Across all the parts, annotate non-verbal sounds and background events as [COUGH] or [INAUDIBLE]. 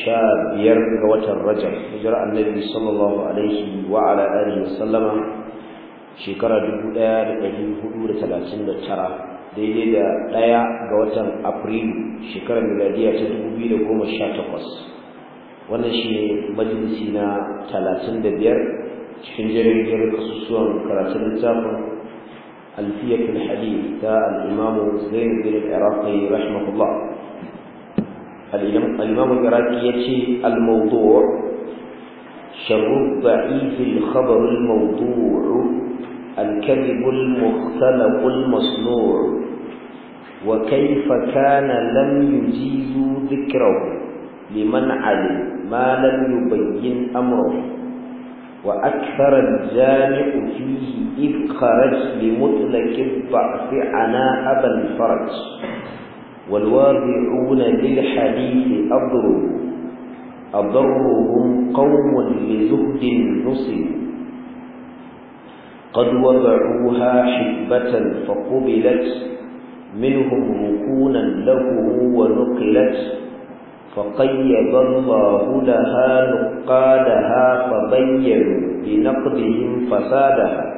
sha biyar ga watan rajab hijira annabi sallallahu alaihi wa ala alihi wa sallama shekara dubu ɗaya da ɗari hudu da talatin da tara daidai da ɗaya ga watan afrilu shekarar miladiya ta dubu biyu da goma sha takwas wannan shi ne majalisi na talatin da biyar cikin jirgin jerin kasusuwan karatun littafin alfiyatul hadith ta al'imamu zain bin al-iraqi rahimahullah الإمام العراقي يتي الموضوع شر الضعيف الخبر الموضوع الكذب المختلق المصنوع وكيف كان لم يجيزوا ذكره لمن علم ما لم يبين أمره وأكثر الجامع فيه إذ خرج لمطلق الضعف عناء أبا الفرج والواضعون للحديث أضروا أضرهم قوم لزهد النصر قد وضعوها حبة فقبلت منهم ركونا له ونقلت فقيض الله لها نقادها فبينوا بنقدهم فسادها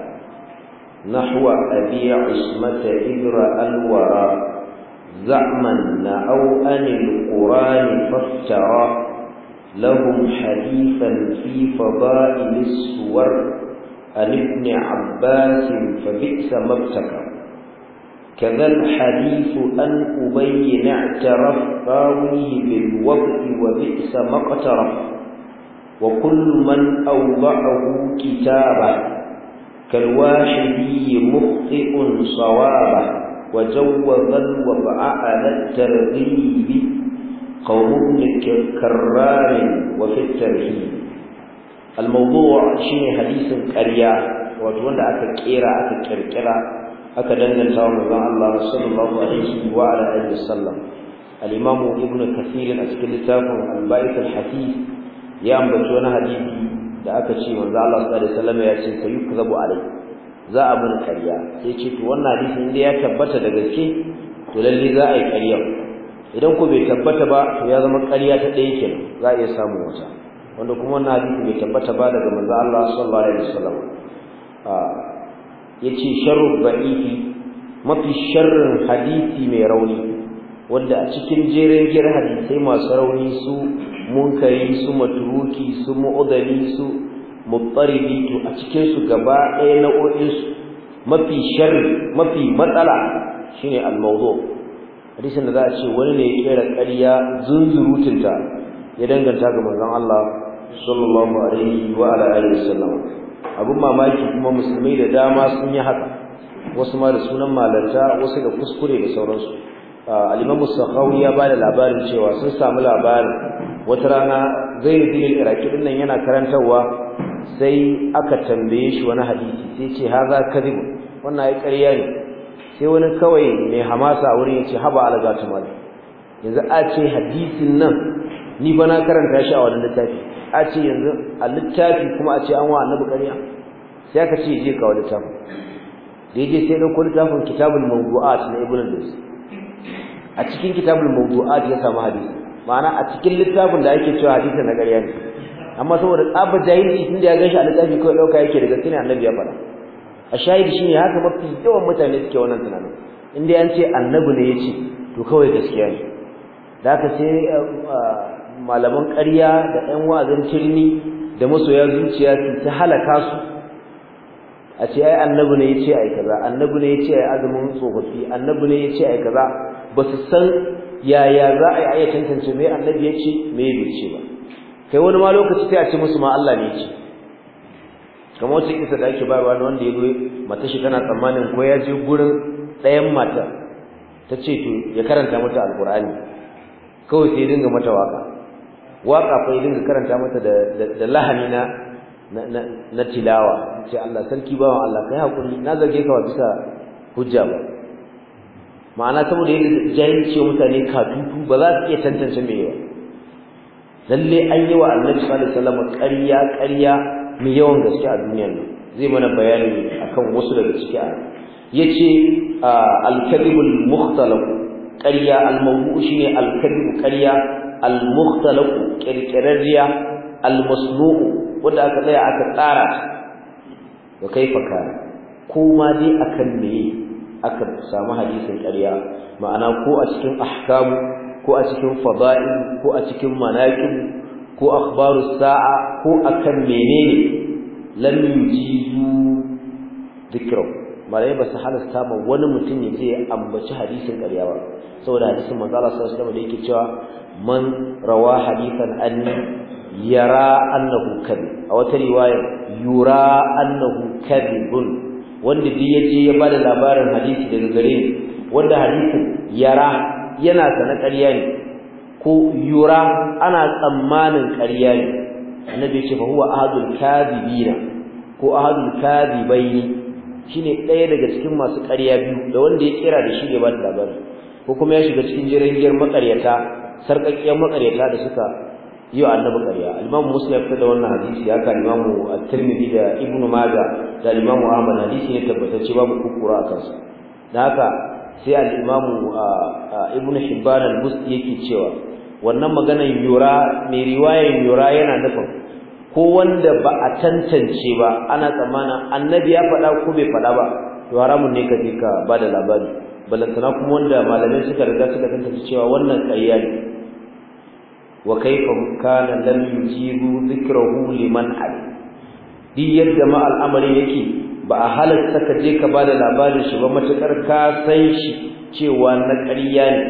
نحو أبي عصمة إبر الوراء زعما نعوا عن القرآن فافترى لهم حديثا في فضائل السور عن ابن عباس فبئس ما ابتكر كذا الحديث أن أبين اعترف قاويه بالوضع وبئس ما اقترف وكل من أوضعه كتابه كالواحدي مخطئ صوابه وجوز الوضع على الترغيب قول ابن كرار وفي الترهيب الموضوع شيء حديث قرية وتولى أكيرا أكيرا أكدن زوام الله صلى الله عليه وعلى آله وسلم الإمام ابن كثير أسكلتاب البيت الحديث يا أم بتونا حديث da aka ce manzo Allah sallallahu alaihi wasallam ya ce kayukzabu alai za a bar ƙarya sai ce to wannan hadisi inda ya tabbata da gaske to lalle za a yi ƙarya idan ko bai tabbata ba to ya zama ƙarya ta ɗaya kenan za a iya samun wata wanda kuma wannan hadisi bai tabbata ba daga manzo Allah sallallahu alaihi wasallam a yace sharru ba'ifi mafi sharrin hadisi mai rauni wanda a cikin jerin jir hadisai masu rauni su munkari su maturuki, su mu'dali su muttaribi to a cikin su gaba ɗaya ƙoƙin su mafi sharri mafi matsala shine al-mawdu hadisin da za a ce wani ne ya kera ƙarya zunzurutunta ya danganta ga manzon Allah sallallahu alaihi wa ala alihi wasallam abun mamaki kuma musulmai da dama sun yi haka wasu ma da sunan malanta wasu da kuskure da sauransu al-imam sakhawi ya bada labarin cewa sun samu labarin wata rana zai dinin iraki nan yana karantarwa sai aka tambaye shi wani hadisi sai ce haza kadhibu wannan ai ƙarya ne sai wani kawai mai hamasa wurin ya ce haba algatu mal yanzu a ce hadisin nan ni ba na karanta shi a wannan littafi a ce yanzu a littafi kuma a ce an wa annabi ƙarya sai aka ce je ka wani littafin da yake sai ɗauko littafin kitabul mawdu'at na ibnu al-dus a cikin kitabul mawdu'at ya samu hadisi ma'ana a cikin littafin da ake cewa hadisin na ƙarya ne amma saboda tsaba jahilci tunda ya gashi, a littafi kawai dauka yake daga gaskiya annabi ya fara a shahidi shine haka mafi yawan mutane suke wannan tunanin inda an ce annabi ne yace to kawai gaskiya ne da haka sai eh, eh, malaman ƙarya da ƴan wa'azin cirni da masoya zuciya su ta halaka su a ce ai annabi ne yace ai kaza annabi ne yace ai azumin tsofaffi annabi ne yace ai kaza ba su san yaya za a yi tantance me annabi yace me bai ce ba kai wani ma lokaci sai a ce musu ma Allah ne ce kamar wata isa da ake bayarwa na wanda ya zo mata shi tana tsammanin ko ya je gurin ɗayan mata ta ce to ya karanta mata alkur'ani kawai sai ya dinga mata waka waka fa ya dinga karanta mata da da lahani na na tilawa ce Allah sarki ba wa Allah kai hakuri na zage ka bisa hujja ba ma'ana saboda yadda jahilci mutane tutu ba za su iya tantance me yawa lalle an yi wa annabi sallallahu alaihi wasallam ƙarya ƙarya mai yawan gaske a duniyar nan zai mana bayani akan wasu daga ciki a yace al-kadhibul mukhtalaf ƙarya al-mawdu shine al-kadhibu ƙarya al-mukhtalaf kirkirarriya al-masnu'u wanda aka tsaya aka tsara wa kaifa kana kuma dai akan me aka samu hadisin ƙarya ma'ana ko a cikin ahkamu ko a cikin fada'il ko a cikin manaqib ko akhbarus sa'a ko akan menene lam yujizu dhikra malai ba su halasta ma wani mutum ya je ya ambaci hadisin ƙarya ba saboda hadisin manzo Allah sallallahu alaihi wasallam yake cewa man rawa hadithan anni yara annahu kadhib a wata riwaya yura annahu kadhibun wanda duk je ya bada labarin hadisi daga gare wanda hadisin yara yana sana ƙarya ne ko yura ana tsammanin ƙarya ne annabi ya ce fa huwa ahadul kadhibina ko ahadul kadibaini shine ɗaya daga cikin masu ƙarya biyu da wanda ya kira da shi ya ba da labari ko kuma ya shiga cikin jirangiyar makaryata sarƙaƙƙiyar makaryata da suka yi wa annabi ƙarya al Musa muslim ya fita da wannan hadisi ya ka imam at-tirmidhi da ibnu majah da imam ahmad hadisi ne ce babu kukura a kansa da haka sai al a ibn hibban al-busti yake cewa wannan maganar yura mai riwayar yura yana nufin ko wanda ba a tantance ba ana tsammana annabi ya faɗa ko bai faɗa ba to haramun ne ka je ka bada labari balantana kuma wanda malamai suka riga suka tantance cewa wannan ƙarya ne wa kaifa kana lam yujibu liman ali duk yadda ma al'amari yake ba a halarta ka je ka ba da labarin shi ba matukar ka san shi cewa na ƙarya ne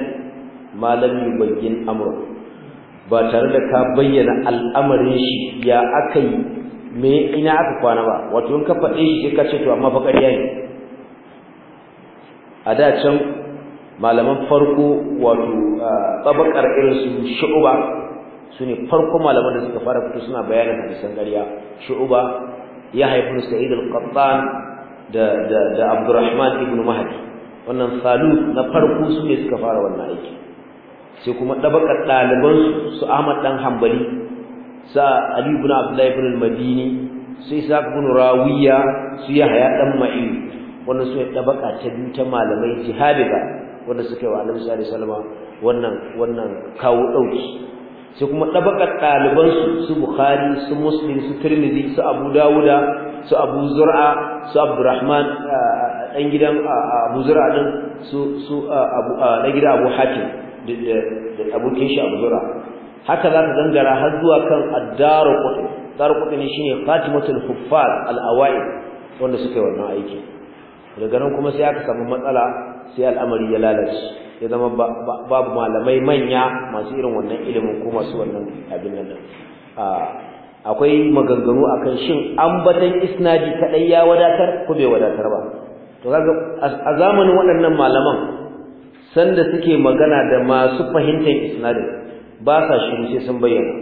malam bagin amur ba tare da ka bayyana al'amarin shi ya aka yi me ina aka kwana ba wato in ka faɗe shi sai ka ce to amma fa ƙarya ne a da can malaman farko wato tsabakar irin su shu'uba su ne farko malaman da suka fara fito suna bayanin hadisan ƙarya shu'uba yahya ibn sa'id al-qattan da da da abdurrahman ibn mahdi wannan salu na farko su ne suka fara wannan aiki sai kuma dabakar ɗaliban su ahmad dan hanbali sa ali ibn abdullah ibn al-madini sai isa ibn rawiya su yahya dan ma'in wannan su dabaka ta biyu ta malamai jihadiga wanda suka yi wa annabi sallallahu alaihi wasallam wannan wannan kawo dauki su kuma ɗabakar ɗalibansu su bukhari su muslim su tirmidhi su abu dawuda su abu zur'a su abdurrahman ɗan gidan abu zur'a ɗin su ɗan gidan abu hatim da abokin shi abu zur'a haka za ka gangara har zuwa kan addaru kuɗi addaru kuɗi ne shine fatimatul huffaz al-awa'id wanda suka yi wannan aiki daga nan kuma sai aka samu matsala sai al'amari ya lalace ya zama babu malamai manya masu irin wannan ilimin ko masu wannan abin nan akwai maganganu akan shin badan isnadi kadai ya wadatar ko bai wadatar ba to kaga a zamanin waɗannan malaman sanda suke magana da masu fahimtar isnadi ba sa shiru sai sun bayyana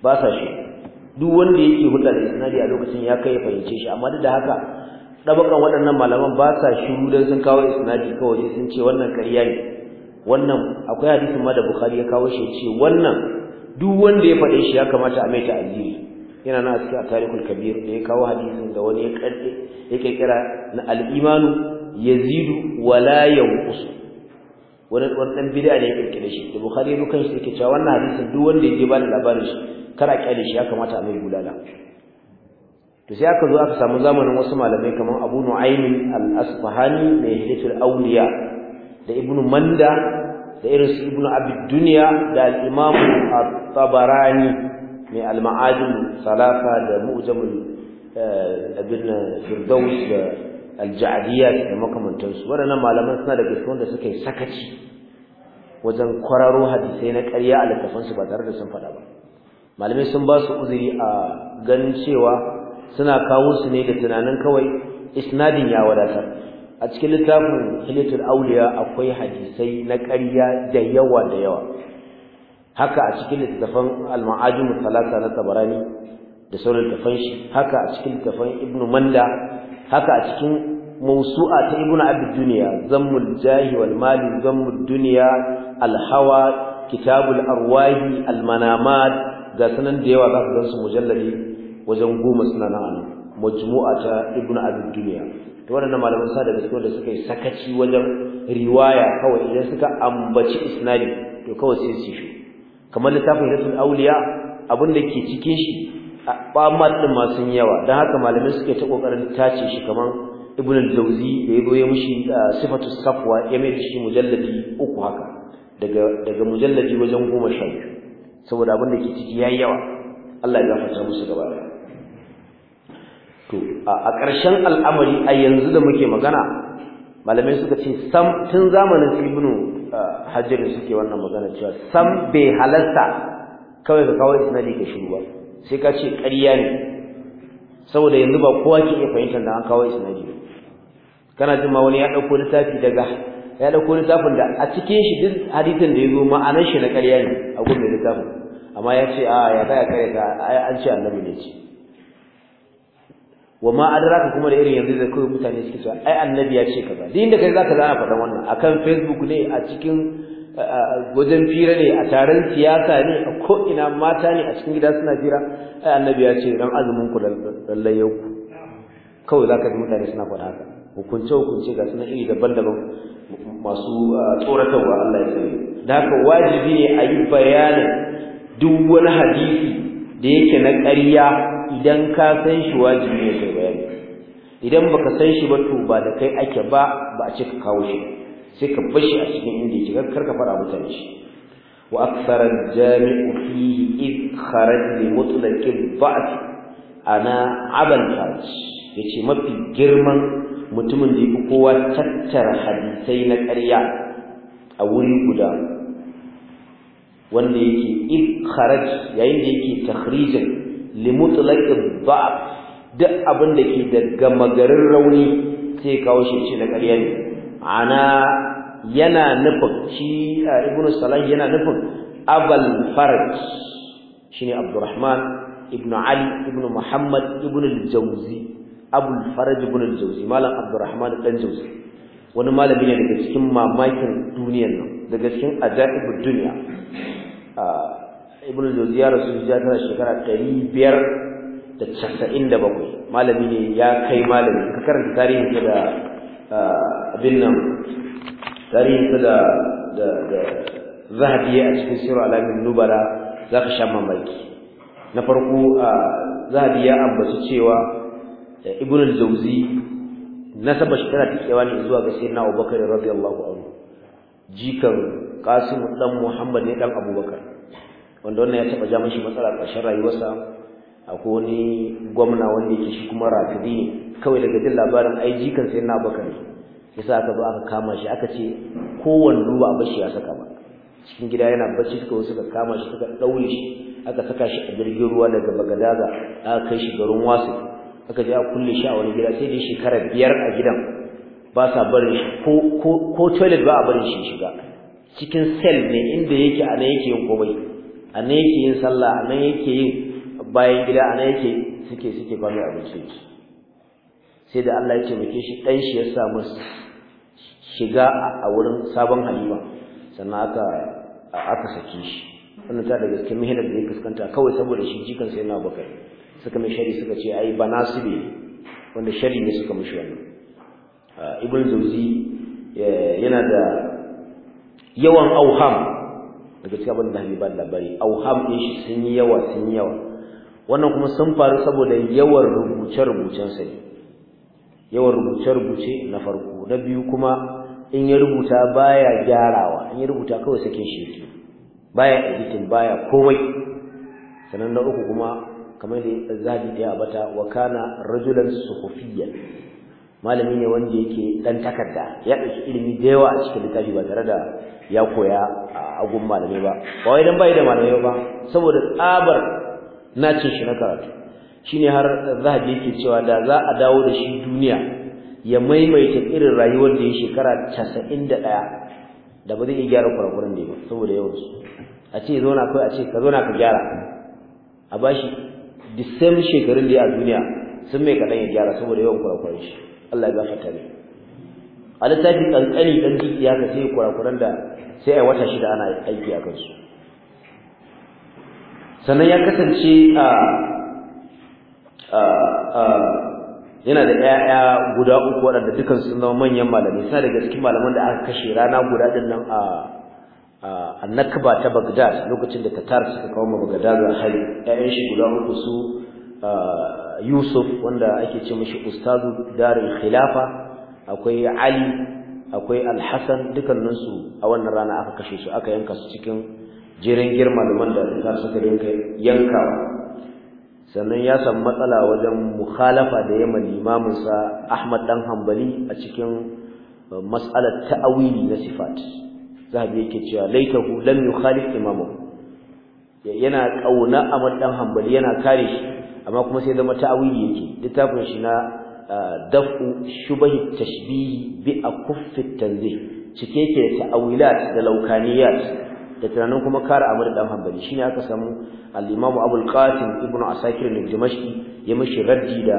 ba sa shi duk wanda yake hulɗa da isnadi a lokacin ya kai fahimce shi amma duk da haka dabakan waɗannan malaman ba sa shiru dan sun kawo isnadi kawai sun ce wannan ƙarya ne wannan akwai hadisin ma da Bukhari ya kawo shi ce wannan duk wanda ya faɗe shi ya kamata a mai ta'aziri yana na cikin tarihul kabir da ya kawo hadisin da wani ya kadde yake kira na al-imanu yazidu wala yanqus wani wani bid'a ne ya kirkire shi da Bukhari ya kan shi yake cewa wannan hadisin duk wanda ya je ba da labarin shi kar a kyale shi ya kamata a mai bulala to sai aka zo aka samu zamanin wasu malamai kamar Abu Nu'aym al-Asfahani mai Hidayatul Awliya da Ibn Manda da irin su Ibn Abi Dunya da al-Imam at-Tabarani mai al-Ma'adim Salafa da Mu'jamul eh, Ibn Firdaus da al-Ja'diyat da makamantansu waɗannan malaman suna da gaskiya da suke sakaci wajen kwararo hadisai na ƙarya a littafansu ba tare da sun faɗa ba malamai sun ba su uzuri a ganin cewa suna kawo su ne da tunanin kawai isnadin ya wadatar a cikin littafin hilatul auliya akwai hadisai na ƙarya da yawa da yawa haka a cikin littafin al-ma'ajim talata na tabarani da sauran littafan shi haka a cikin littafin ibnu manda haka a cikin mawsu'a ta ibnu abd zammul jahi wal mali zammul duniya al-hawa kitabul arwahi al-manamat ga sanan da yawa za ku su mujallali wajen goma suna nan anan majmu'a ta ibn abi dunya to wannan malaman sa da gaskiya da suka yi sakaci wajen riwaya kawai idan suka ambaci isnadi to kawai sai su shi kamar littafin rasul auliya abin da ke cikin shi ɓamat ɗin ma sun yawa dan haka malamai suke ta kokarin tace shi kamar ibn al-jawzi da ya ya mushi, sifatu safwa ya mai shi mujalladi uku haka daga daga mujalladi wajen goma sha biyu saboda abin da ke ciki yayi yawa Allah ya gafarta musu gaba ɗaya to a ƙarshen al'amari a yanzu da muke magana malamai suka ce sam tun zamanin ibnu hajar suke wannan magana cewa sam bai halasta kawai ka kawo isnadi ka shiru ba sai ka ce ƙarya ne saboda yanzu ba kowa ke iya fahimtar da an kawo isnadi kana jin ma wani ya ɗauko littafi daga ya ɗauko littafin da a cikin shi duk hadisin da ya zo ma'anar shi na ƙarya ne a gurbin littafin amma ya ce a ya ta a an ce annabi ne ce wa ma adraka kuma da irin yanzu da kai mutane suke cewa ai annabi ya ce kaza din da kai zaka zana faɗan wannan akan facebook ne a cikin wajen fira ne a taron siyasa ne a ko ina mata ne a cikin gida suna jira, ai annabi ya ce dan azumin ku lallai yau kawai zaka ji mutane suna faɗa haka hukunce hukunce ga sunan iri daban-daban masu tsoratarwa Allah ya sani da haka wajibi ne a yi bayanin duk wani hadisi da yake na ƙarya idan ka san shi wajibi ne kai bayani idan baka san shi ba to ba da kai ake ba ba a ce ka kawo shi sai ka bar shi a cikin inda yake kar ka fara mutane shi wa akthara jami'u fi id kharaj li mutlaq ba'd ana abal farj yace mafi girman mutumin da yake kowa tattara hadisai na ƙarya a wuri guda wanda yake id yayin da yake takhrijin limutlaqid da'f duk abin da ke da gamagarin rauni sai kawo shi ce da ƙarya ne ana yana nufin shi a ibn salah yana nufin abal farj shine abdurrahman ibn ali ibn muhammad ibn al-jawzi abul farj ibn al-jawzi malam abdurrahman dan jawzi wani malami ne daga cikin mamakin duniyar nan daga cikin ajaibud duniya ibn al-jawziya rasul ya tana shekara 597 malami ne ya kai malami ka karanta tarihin sa da abin nan tarihin sa da da a cikin sirru alamin nubara ka sha mamaki na farko zahabi ya ambaci cewa ibn al-jawzi nasaba shekara ta kewa ne zuwa ga sayyidina abubakar radiyallahu anhu jikan qasim dan muhammad ne dan abubakar wanda wannan ya taba ja mashi matsala ƙarshen rayuwarsa akwai wani gwamna wanda yake shi kuma rafidi ne kawai daga jin labarin ai jikan sai na baka ne yasa aka zo aka kama shi aka ce kowanne ruwa a bashi ya saka ba cikin gida yana bacci suka suka kama shi suka ɗaure shi aka saka shi a jirgin ruwa daga bagadaga aka kai shi garin wasu aka je a kulle shi a wani gida sai dai shekara biyar a gidan ba sa barin shi ko toilet ba a barin shi shiga cikin sel ne inda yake a nan yake yin komai anan yake yin sallah anan yake yin bayan gida anan yake suke suke ba mai abinci sai da Allah ya muke shi dan shi ya samu shiga a wurin sabon halima sannan aka aka saki shi wannan ta daga cikin mihinar da ya fuskanta kawai saboda shi jikan sai na bakai suka mai shari suka ce ai ba nasibi wanda shari ne suka mishi wannan ah, ibn Zawzi eh, yana da yawan auham daga cikin abin da ba labari auham din shi sun yi yawa sun yi yawa wannan kuma sun faru saboda yawan rubuce rubucen sa ne yawan rubuce rubuce na farko na biyu kuma in ya rubuta baya gyarawa in ya rubuta kawai sake shi baya editing baya kowai. sanan na uku kuma kamar da zabi da ya bata wa kana rajulan suhufiyya malami ne wanda yake dan takarda ya ɗauki ilimi da yawa a cikin littafi ba tare da ya koya a agun malamai ba ba wai dan bai da malamai ba saboda tsabar nacin shi na karatu shine har zahabi yake cewa da za a dawo da shi duniya ya maimaita irin rayuwar da ya shekara 91 da ba zai iya gyara kurakuran da ya ba saboda yawan su a ce zo na kai a ce ka zo na ka gyara a bashi the same shekarun da ya a duniya sun mai kadan ya gyara saboda yawan kurakuran shi Allah ya gafarta ne a littafi kankani dan jiki haka sai kurakuran da sai a wata shida ana aiki a kansu sannan ya kasance a yana da 'ya'ya guda uku waɗanda dukan sun zama manyan malamai sai daga cikin malaman da aka kashe rana guda din nan a a nakba ta Baghdad lokacin da Tatar suka kawo ma Baghdad hali ƴaƴan shi guda uku su Yusuf wanda ake ce mishi ustazu darin khilafa akwai ali akwai alhassan dukkaninsu a wannan rana aka kashe su aka yanka su cikin jirin girma liman da za su suka yanka sannan ya samu matsala wajen mukhalafa da yamma sa ahmad dan hambali a cikin uh, mas'alar ta'awili na sifat zabi yake cewa laitahu lam yukhalif imamu yana kauna Ahmad dan Hanbali yana kare shi amma kuma sai zama ta'awili yake littafin shi na daf'u shubahi tashbihi bi akuffi tanzih cike yake da ta'awilat da laukaniyat da tunanin kuma kare amur dan hanbali shine aka samu al-imam abul qasim ibnu asakir ne dimashqi ya mishi raddi da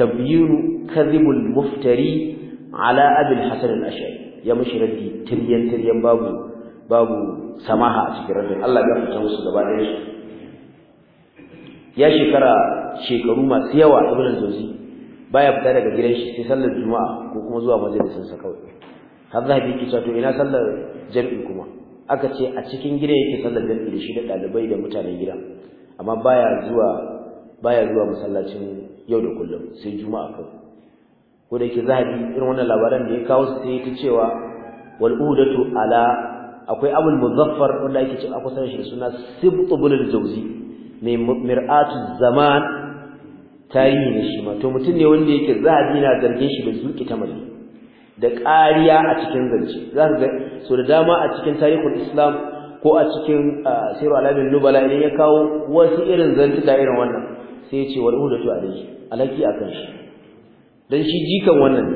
tabyinu kadhibul muftari ala abi al-hasan al-ash'ari ya mishi raddi tiryan tiryan babu babu samaha a cikin raddin Allah ya fita musu gaba ɗaya ya shekara shekaru masu yawa ibnu jawzi baya fita daga gidan shi sai sallar juma'a ko kuma zuwa majalisin sa kawai har za ki cewa to ina sallar jami'i kuma aka ce a cikin gidan yake sallar jami'i da shi da dalibai da mutanen gida amma baya zuwa baya zuwa masallacin yau da kullum sai juma'a kawai ko da yake zahabi irin wannan labaran da ya kawo su sai ta cewa wal udatu ala akwai abul muzaffar wanda yake cewa akwai sanin shi suna sibtu bulul jawzi mai mir'atu zaman tarihi ne shi ma to mutum ne wanda yake za a dina zargin shi da zuki ta mali da ƙariya a cikin zance za ka ga so da dama a cikin tarihul islam ko a cikin siru alamin nubala idan ya kawo wasu irin da irin wannan sai ya ce wal udatu alayhi alaki akan shi dan shi jikan wannan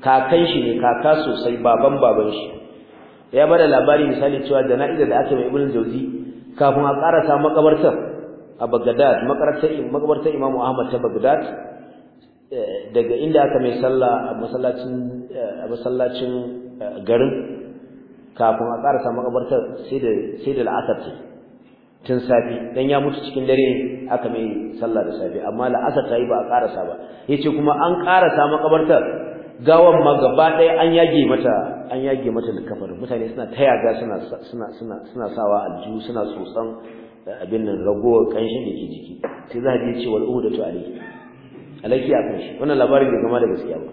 kakan shi ne kaka sosai baban baban shi ya bada labari misali cewa jana'izar da aka mai ibnu jawzi kafin a karasa makabartar a Baghdad makabartar Imam Ahmad ta Baghdad eh, daga inda aka mai sallah a masallacin eh, a masallacin eh, garin kafin a karasa makabartar sai da sai da al'asar tun safi dan ya mutu cikin dare aka mai sallah da safi amma la'asar ta yi ba a karasa ba yace kuma an karasa makabartar gawan ma gaba ɗaya an yage mata an yage mata likafar mutane suna tayaga suna suna suna sawa aljihu suna tsotsan abin nan ragowar kanshin da ke jiki sai za a cewa wal uhudatu alayhi alayhi akan shi wannan labarin bai gama da gaskiya ba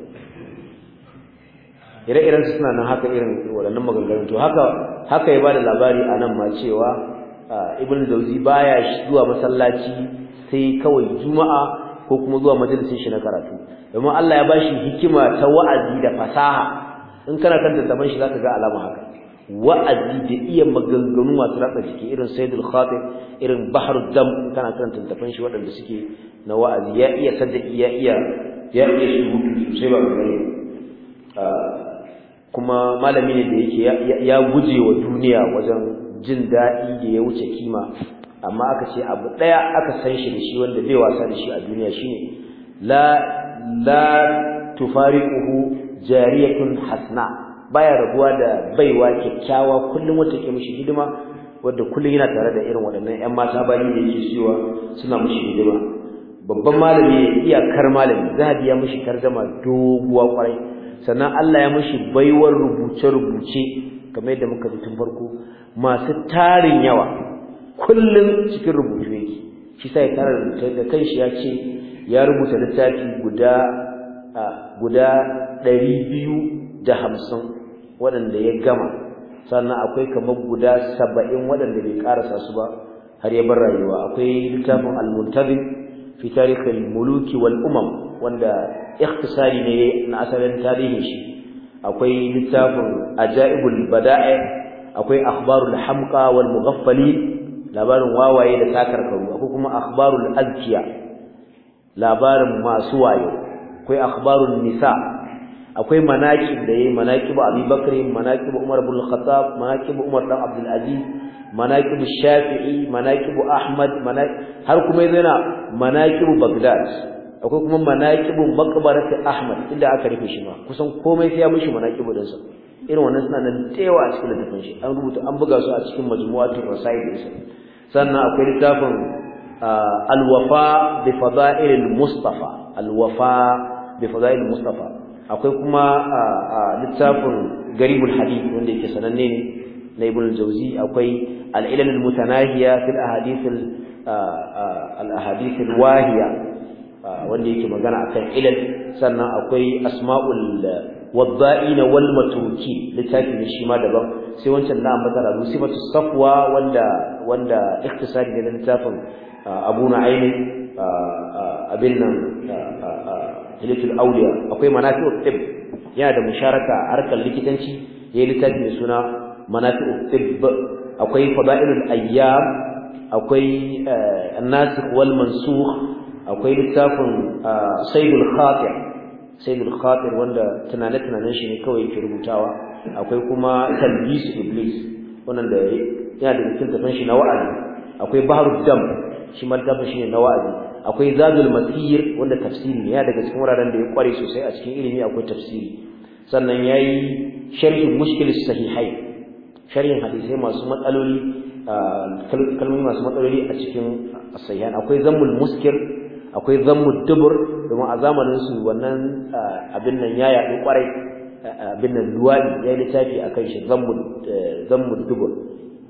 ire-iren su suna nan haka irin waɗannan maganganun to haka haka ya bada labari a nan ma cewa ibn dauzi baya zuwa masallaci sai kawai juma'a ko kuma zuwa majalisin shi na karatu domin Allah ya bashi hikima ta wa'azi da fasaha in kana kan tattaban shi zaka ga alama haka wa'azi da iya maganganu masu ratsa jiki irin saidul khatib irin bahrud dam kana karanta tafan shi waɗanda suke na wa'azi ya iya sadaki ya iya ya iya shi hutu sosai ba gare ah, kuma malami ne da yake ya guje wa duniya wajen jin daɗi da ya wuce kima amma aka ce abu ɗaya aka san shi da shi wanda bai wasa da shi a duniya shine la la tufariquhu jariyatun hasna baya rabuwa da baiwa kyakkyawa kullum wata ke mishi hidima wadda kullum yana tare da irin waɗannan 'yan mata bayi da yake siyowa suna mishi hidima babban malami ya iyakar malami zahabi ya mishi tarjama doguwa kwarai sannan Allah ya mushi baiwar rubuce-rubuce kamar da muka tun farko masu tarin yawa kullum cikin rubutu yake shi sai ya tara da kanshi ya ce ya rubuta littafi guda guda ɗari biyu da hamsin waɗanda ya gama sannan akwai kamar guda saba'in waɗanda bai karasa su ba har ya bar rayuwa akwai littafin al-muntabib fi tarikh al-muluki wal umam wanda ikhtisari ne na asalin tarihin shi akwai littafin ajaibul bada'i akwai akhbarul hamqa wal mughaffalin labarin wawaye da takarkaru akwai kuma akhbarul azkiya labarin masu wayo akwai akhbarun nisa akwai manaqib da yayi manaqib Abi Bakr manaqib Umar ibn Khattab manaqib Umar dan Abdul Aziz manaqib Shafi'i manaqib Ahmad har kuma yana manaqib bagdad akwai kuma manaqib maqbarat Ahmad inda aka rufe shi ma kusan komai sai ya mishi manaqib din irin wannan suna nan tewa a cikin littafin shi an rubuta an buga su a cikin majmu'atul rasail din sannan akwai littafin ah, al-wafa bi fada'il mustafa al-wafa bi fada'il mustafa akwai kuma littafin garibul hadith wanda yake sananne na ibn al-jawzi akwai al-ilal al-mutanahiya fil ahadith al-ahadith al-wahiya wanda yake magana akan ilal sannan akwai asma'ul wadda'ina wal matruki littafi ne shi ma daban sai wancan na ambata da sifatu safwa wanda wanda ikhtisari ne littafin Abu Nu'aym abin nan ilatul awliya akwai manafi'ut tib yana da musharaka a harkar likitanci yayi littafi mai suna manafi'ut tib akwai fada'ilul ayyam akwai eh, an-nasikh wal mansukh akwai littafin eh, sayyidul khatir sayyidul khatir wanda tunane tunanen shi ne kawai ke rubutawa akwai kuma talbis iblis wannan da yana da cikin tafin shi na wa'azi akwai bahrud dam shi ma tafin shi ne na wa'azi akwai zadul masir wanda tafsiri ya daga cikin wuraren da ya kware sosai a cikin ilimi akwai tafsiri sannan yayi sharhin mushkil sahihai sharhin hadisai masu matsaloli kalmomi masu matsaloli a cikin sahihan akwai zammul muskir akwai zammul dubur domin a zamanin su wannan abin nan ya yaɗu kwarai abin nan luwadi ya littafi akan shi zammul e, zammul dubur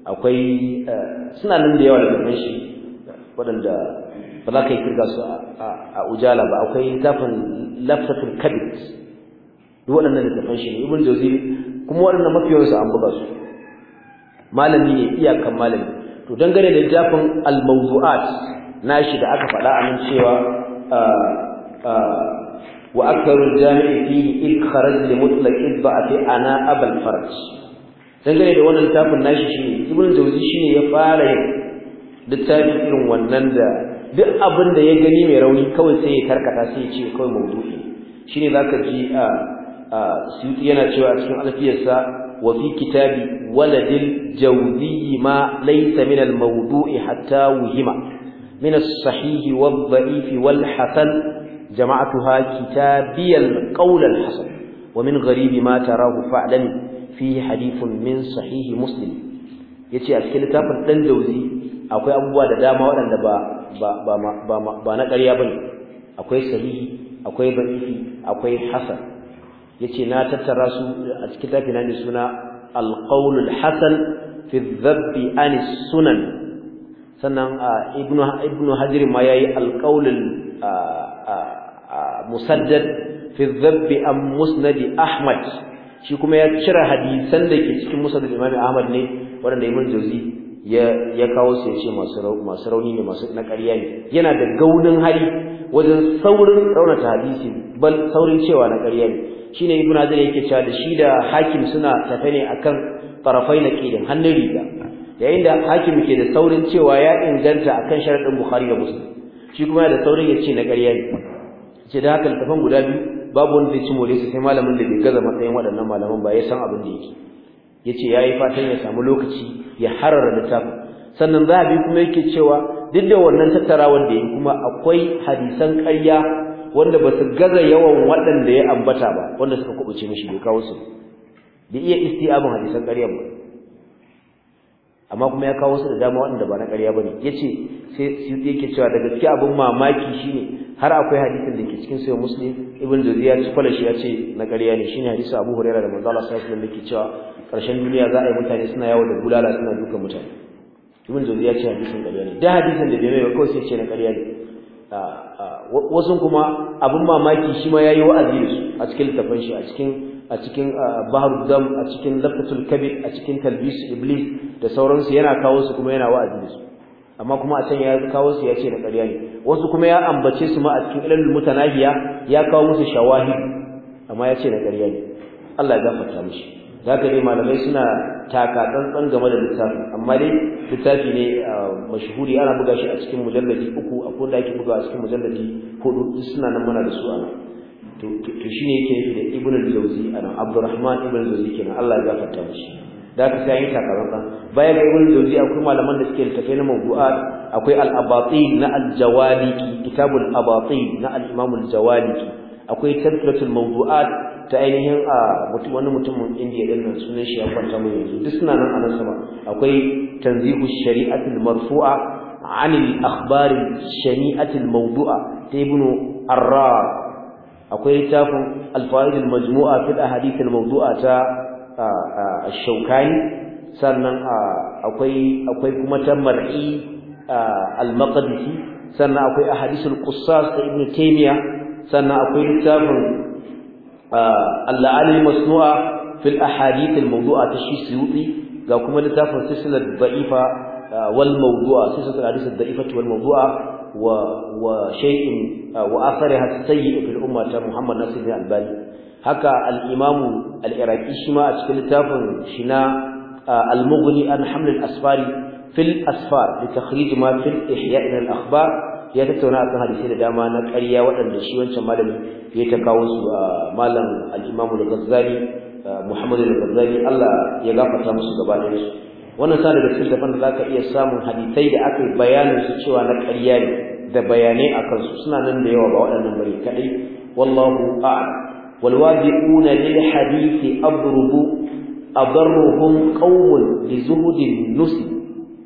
akwai e, suna nan da yawa da shi waɗanda ba za ka yi kirga su a ujala ba akwai littafin lafsatul kabit duk waɗannan littafan shi ne ibn jawzi kuma waɗannan mafi yawansu an buga su malami ne iyakan malami to dangane da littafin al-mawdu'at nashi da aka faɗa a nan cewa wa aktharu jami'i fihi ikhraj li mutlaq idba'ati ana abal farj dangane da wannan littafin nashi shi shine ibn shi ne ya fara yin littafin irin wannan da duk abin da ya gani mai rauni kawai sai ya karkata sai ya ce kawai mawdu'i shine zaka ji a suyuti yana cewa cikin alfiyarsa wa fi kitabi waladil jawzi ma laysa min al mawdu'i hatta wuhima min as sahih wal da'if wal hasan jama'atuha kitabiyal qawl al hasan wa min gharib ma tarahu fa'lan fi hadithun min sahih muslim yace a cikin littafin dan jawzi akwai abubuwa da dama waɗanda ba ba na ƙarya bane akwai sahihi akwai da'ifi akwai hasan yace na tattara su a cikin tafi na ne suna alqaulul hasan fi dhabbi an sunan sannan ibnu ibnu hajar ma yayi alqaulul musaddad fi dhabbi an musnad ahmad shi kuma ya cire hadisan da ke cikin musnad imam ahmad ne wanda ibn jawzi ya kawo su ya ce masu rauni ne masu na ƙarya ne yana da gaunin hali wajen saurin ta hadisi bal saurin cewa na ƙarya ne shine ibn hazar yake cewa da shi da hakim suna tafe ne akan tarafai na kidin hannun riga yayin da hakim ke da saurin cewa ya inganta akan sharadin bukhari da muslim shi kuma da saurin ya ce na ƙarya ne ce da haka tafan guda biyu babu wanda zai ci more su sai malamin da bai gaza matsayin waɗannan malaman ba ya san abin da yake yace yayi fatan ya samu lokaci ya harara littafin sannan za a zahabi kuma yake cewa duk da wannan tattarawan da yi kuma akwai hadisan ƙarya wanda ba su gaza yawan waɗanda ya ambata ba wanda suka kubuce mishi da kawo su da iya istiabun hadisan ƙarya ba amma kuma ya kawo su da dama waɗanda ba na ƙarya ba ne ya ce sai yake cewa da gaske abin mamaki shine har akwai hadisin da ke cikin sayo muslim ibn jaziya ya kwala shi ya ce na ƙarya ne shine hadisi abu hurairah da manzo Allah sallallahu alaihi wasallam cewa ƙarshen duniya za a yi mutane suna yawo da bulala suna duka mutane ibn jaziya ya ce hadisin ƙarya ne da hadisin da bai mai kawai sai ce na ƙarya ne wasu kuma abin mamaki shi ma yayi wa'azi da su a cikin littafin shi a cikin a cikin bahar dam a cikin laftatul kabir a cikin talbis iblis da sauransu yana kawo su kuma yana wa'azi da su amma kuma a can ya kawo su ya ce na ƙarya ne wasu kuma ya ambace su ma a cikin ilal mutanahiya ya kawo musu shawahi amma ya ce na ƙarya ne Allah ya gafarta mishi ka ne malamai suna taka tsantsan game da littafi, amma dai littafi ne mashhuri ana buga shi a cikin mujallaji uku a ko da ake buga a cikin mujalladi hudu suna nan muna da su a nan to ne yake nufi da ibn al-jawzi anan abdurrahman ibn al-jawzi kenan Allah ya gafarta mishi da ka sai yin ka, baya ga wani jawzi akwai malaman da suke littafai na mawdu'at akwai al-abatin na al-jawaliki kitabul abatin na al-imam al-jawaliki akwai tadrisul mawdu'at ta ainihin a mutum wani mutumin indiya din nan sunan shi ya kwanta mai yanzu duk suna nan a nan sama akwai tanzihu shari'atul marfu'a عن الأخبار الشنيئة الموضوعة ابن الرار أقول تافو الفائد المجموعة في الأحاديث ta. shaukani sannan akwai akwai kuma ta mar'i al-maqdisi sannan akwai ahadithul qussas ta ibnu taymiya sannan akwai littafin al-la'ali masnu'a fil ahadith al-mawdu'a ta shi suyuti ga kuma littafin silsilat da'ifa wal mawdu'a silsilat al-ahadith wal mawdu'a wa wa shay'in wa athariha as-sayyi' fil ummah Muhammad Nasir al-Albani haka al-imamu al-iraqi ma a cikin littafin shina na al-mughni an haml al-asfari fil asfar li takhrij ma fil ihya' al-akhbar ya tattauna akan hadisi da dama na ƙarya waɗanda shi wancan malami ya ta kawo su malam al-imamu al-ghazali muhammad al-ghazali Allah ya gafarta musu gaba ɗaya su wannan sa daga cikin daban da zaka iya samun hadisai da aka yi bayanin su cewa na ƙarya ne da bayanai akan su suna nan da yawa ba waɗannan bari kadai wallahu a'lam والواجئون للحديث أضرب أضرهم قوم لزهد النسي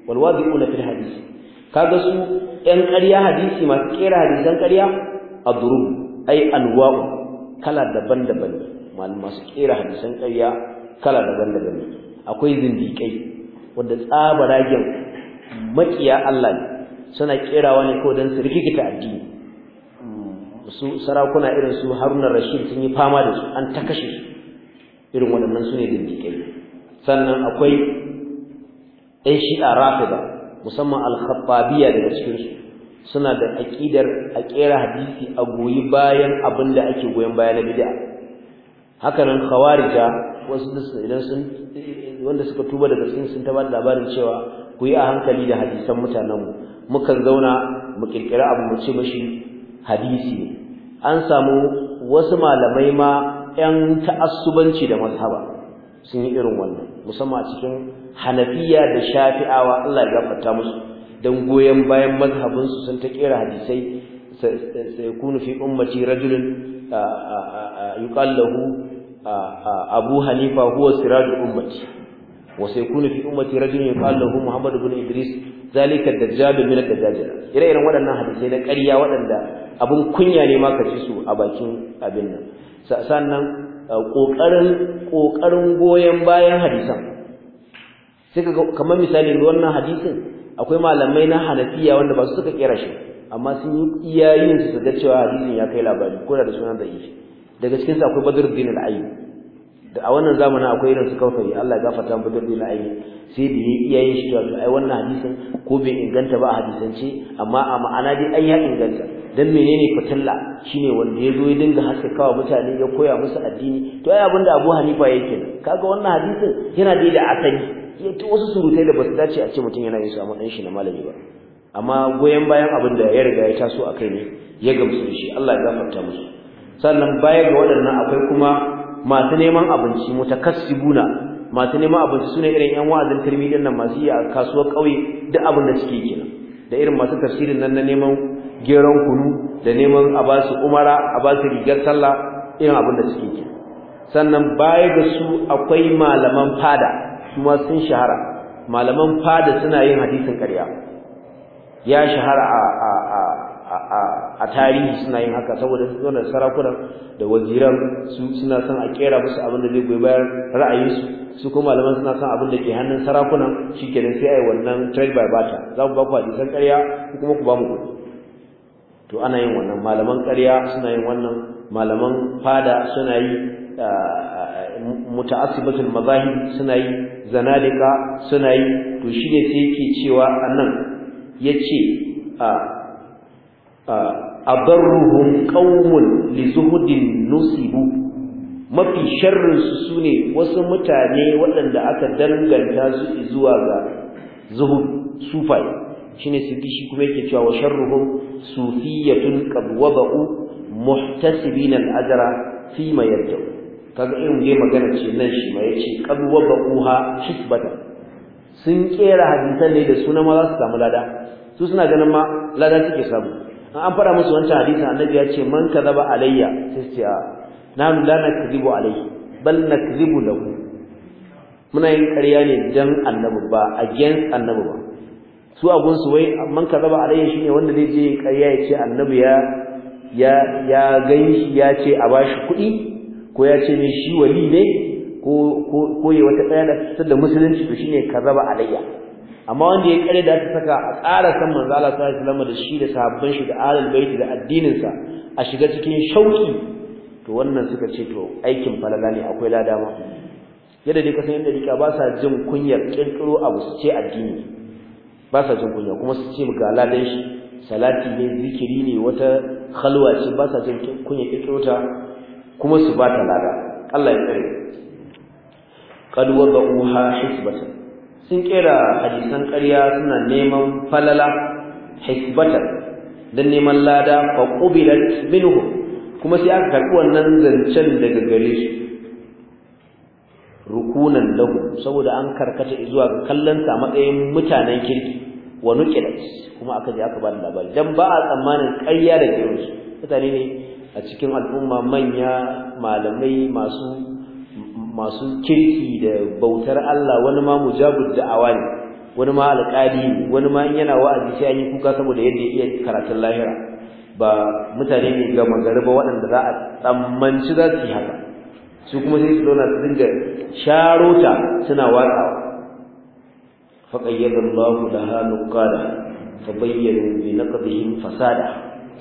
والواجئون في الحديث kaga su 'yan ƙarya hadisi masu ƙera hadisan ƙarya adrub ai anwa'u kala daban-daban ne masu ƙera hadisan ƙarya kala daban-daban ne akwai zindiƙai wanda tsabaragen maƙiya Allah suna ƙerawa ne ko don su rikikita addini su sarakuna irin su Haruna Rashid sun yi fama da su an takashe su irin waɗannan su ne dindikai sannan akwai ɗan shi'a rafida musamman al-khattabiyya daga cikin su suna da aƙidar a kera hadisi a goyi bayan abin da ake goyon baya na bid'a hakanan khawarija wasu idan sun wanda suka tuba daga sun sun tabbata labarin cewa ku yi a hankali da hadisan mutanenmu mukan zauna mu kirkira abu mu ce mashi hadisi an samu wasu malamai ma ƴan ta'assubanci da mazhaba sun yi irin wannan musamman a cikin hanafiya da shafi'awa Allah ya gafarta musu dan goyen bayan mazhabin su sun ta kera hadisai kunu fi ummati rajulun yuqallahu abu hanifa huwa sirajul ummati وسيكون في أمتي رجل يقال له محمد بن إدريس ذلك الدجال من الدجاجل إلى إلى wadannan hadisi na ƙarya waɗanda abun kunya ne ma kace su a bakin abin nan sannan kokarin uh, kokarin goyen bayan hadisan sai kamar misali wannan hadisin akwai malamai na Hanafiya wanda ba su suka kira shi amma sun yi iyayen su ga cewa hadisin ya kai labari ko da sunan da yi daga cikin sa akwai Badruddin al-Ayyub da a wannan zamanin akwai irin su kawai Allah ya gafarta mu dabbi na ayi sai da yayi iyaye shi to ai wannan hadisin ko bai inganta ba a hadisance amma a ma'ana dai an ya inganta dan menene fitilla shine wanda ya zo ya dinga kawa mutane ya koya musu addini to ai abinda Abu Hanifa yake kaga wannan hadisin yana dai da asali to wasu surutai da basu dace a ce mutum yana yin su a dan shi na malami ba amma goyen bayan abin da ya riga ya taso akai ne ya gamsu shi Allah ya gafarta musu sannan baya ga waɗannan akwai kuma masu neman abinci mutakassibuna masu neman abinci sune irin yan wa'azin tirmidin nan masu yi a kasuwar ƙauye duk abin da suke kenan da irin masu tafsirin nan na neman geron kunu da neman a ba umara a ba su rigar sallah irin abin da suke kenan sannan baya da su akwai malaman fada kuma sun shahara malaman fada suna yin hadisin ƙarya ya shahara a a tarihi suna yin haka saboda su zauna sarakuna da waziran su suna son a kera musu abin da zai bayar bayan ra'ayinsu su kuma malaman suna son abin da ke hannun sarakunan shikenan sai a yi wannan trade by barter za ku ba ku hadisan ƙarya ku kuma ku ba mu kuɗi to ana yin wannan malaman ƙarya suna yin wannan malaman fada suna yi muta'assibatul mazahib suna yi zanalika suna yi to shi ne sai yake cewa annan yace a abarruhum qaumun li zuhudin nusibu mafi sharrin su sune wasu mutane waɗanda aka danganta su zuwa ga zuhud sufai shine sufi shi kuma yake cewa wa sharruhum sufiyatun qad waba'u muhtasibina al-ajra fi ma yarju kaga irin dai magana ce nan shi ma yace qad ha hisbatan sun kera hadisan ne da suna ma za su samu lada su suna ganin ma lada suke samu an fara musu wancan hadisi annabi ya ce man kadaba alayya sai ce a na la alayhi bal nakdhibu lahu muna yin ƙarya ne dan annabi ba against annabi ba su abun su wai man kadaba alayya shine wanda zai je yin ƙarya ya ce annabi ya ya ya gani ya ce a bashi kuɗi ko ya ce ne shi wali ne ko ko ko ya wata tsaya da musulunci to shine kadaba alayya amma wanda ya kare da ta saka a tsara san manzo Allah sallallahu alaihi wasallam da shi da sahabban shi da alal baiti da addinin sa a shiga cikin shauki to wannan suka ce to aikin falala ne akwai lada ma yadda dai kasan yadda dika ba sa jin kunyar kirkiro abu su ce addini ba sa jin kunya kuma su ce ga ladan shi salati ne zikiri ne wata khalwa ce ba sa jin kunya kirkiro ta kuma su ba ta lada Allah ya tsare qad ba'uha hisbatan sun kera hadisan ƙarya suna neman falala hisbatan don neman lada fa ƙubilat minhum kuma sai aka karɓi wannan zancen daga gare su rukunan lahu saboda an karkata zuwa ga kallon sa matsayin mutanen kirki wa nukilat kuma aka je aka ba da labari dan ba a tsammanin ƙarya da irinsu mutane ne a cikin al'umma manya malamai masu masu kirki da bautar Allah wani ma mujabud da'awa ne wani ma alƙali wani ma yana wa'azi sai an yi kuka saboda yadda iya karatun lahira ba mutane ne ga magari ba waɗanda za a tsammanci za su yi haka su kuma sai su zauna su dinga sharota suna watsawa faƙayyar Allah da hannu ƙada ta bayyana mai naqdihim fasada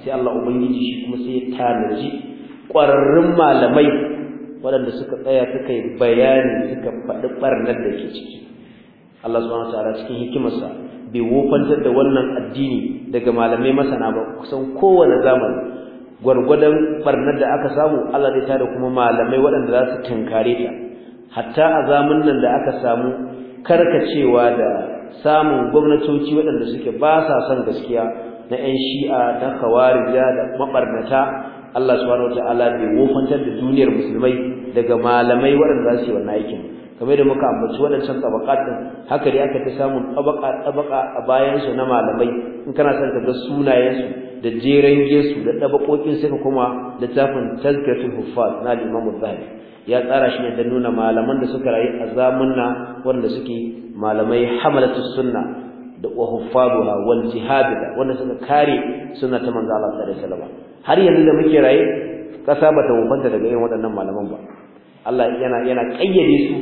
sai Allah Ubangiji shi kuma sai ya tanaji ƙwararrun malamai waɗanda suka tsaya suka yi bayani suka faɗi ɓarnar da ke ciki Allah subhanahu wataala cikin hikimarsa bai wofantar da wannan addini daga malamai masana ba kusan kowane zamani gwargwadon ɓarnar da aka samu Allah zai tada kuma malamai waɗanda za su tunkare ta hatta a nan da aka samu karkacewa da samun gwamnatoci waɗanda suke ba sa son gaskiya na 'yan shi'a na kawarija da maɓarnata Allah subhanahu wataala bai wofantar da duniyar musulmai daga malamai waɗanda za su yi wannan aikin kamar da muka ambaci waɗancan tabaqat haka dai aka ta samu tabaqa tabaqa a bayan su na malamai in kana son ka ga sunayen su da jeren su da tabakokin sai kuma littafin tazkiratul huffaz na Imam Zahabi ya tsara shi ne da nuna malaman da suka rayu a zamanna wanda suke malamai hamalatus sunna da wahuffaduha wal jihadida wanda suka kare suna ta manzo Allah sallallahu alaihi wasallam har yanzu da muke raye kasa bata wufanta daga irin waɗannan malaman ba Allah yana yana kayyade su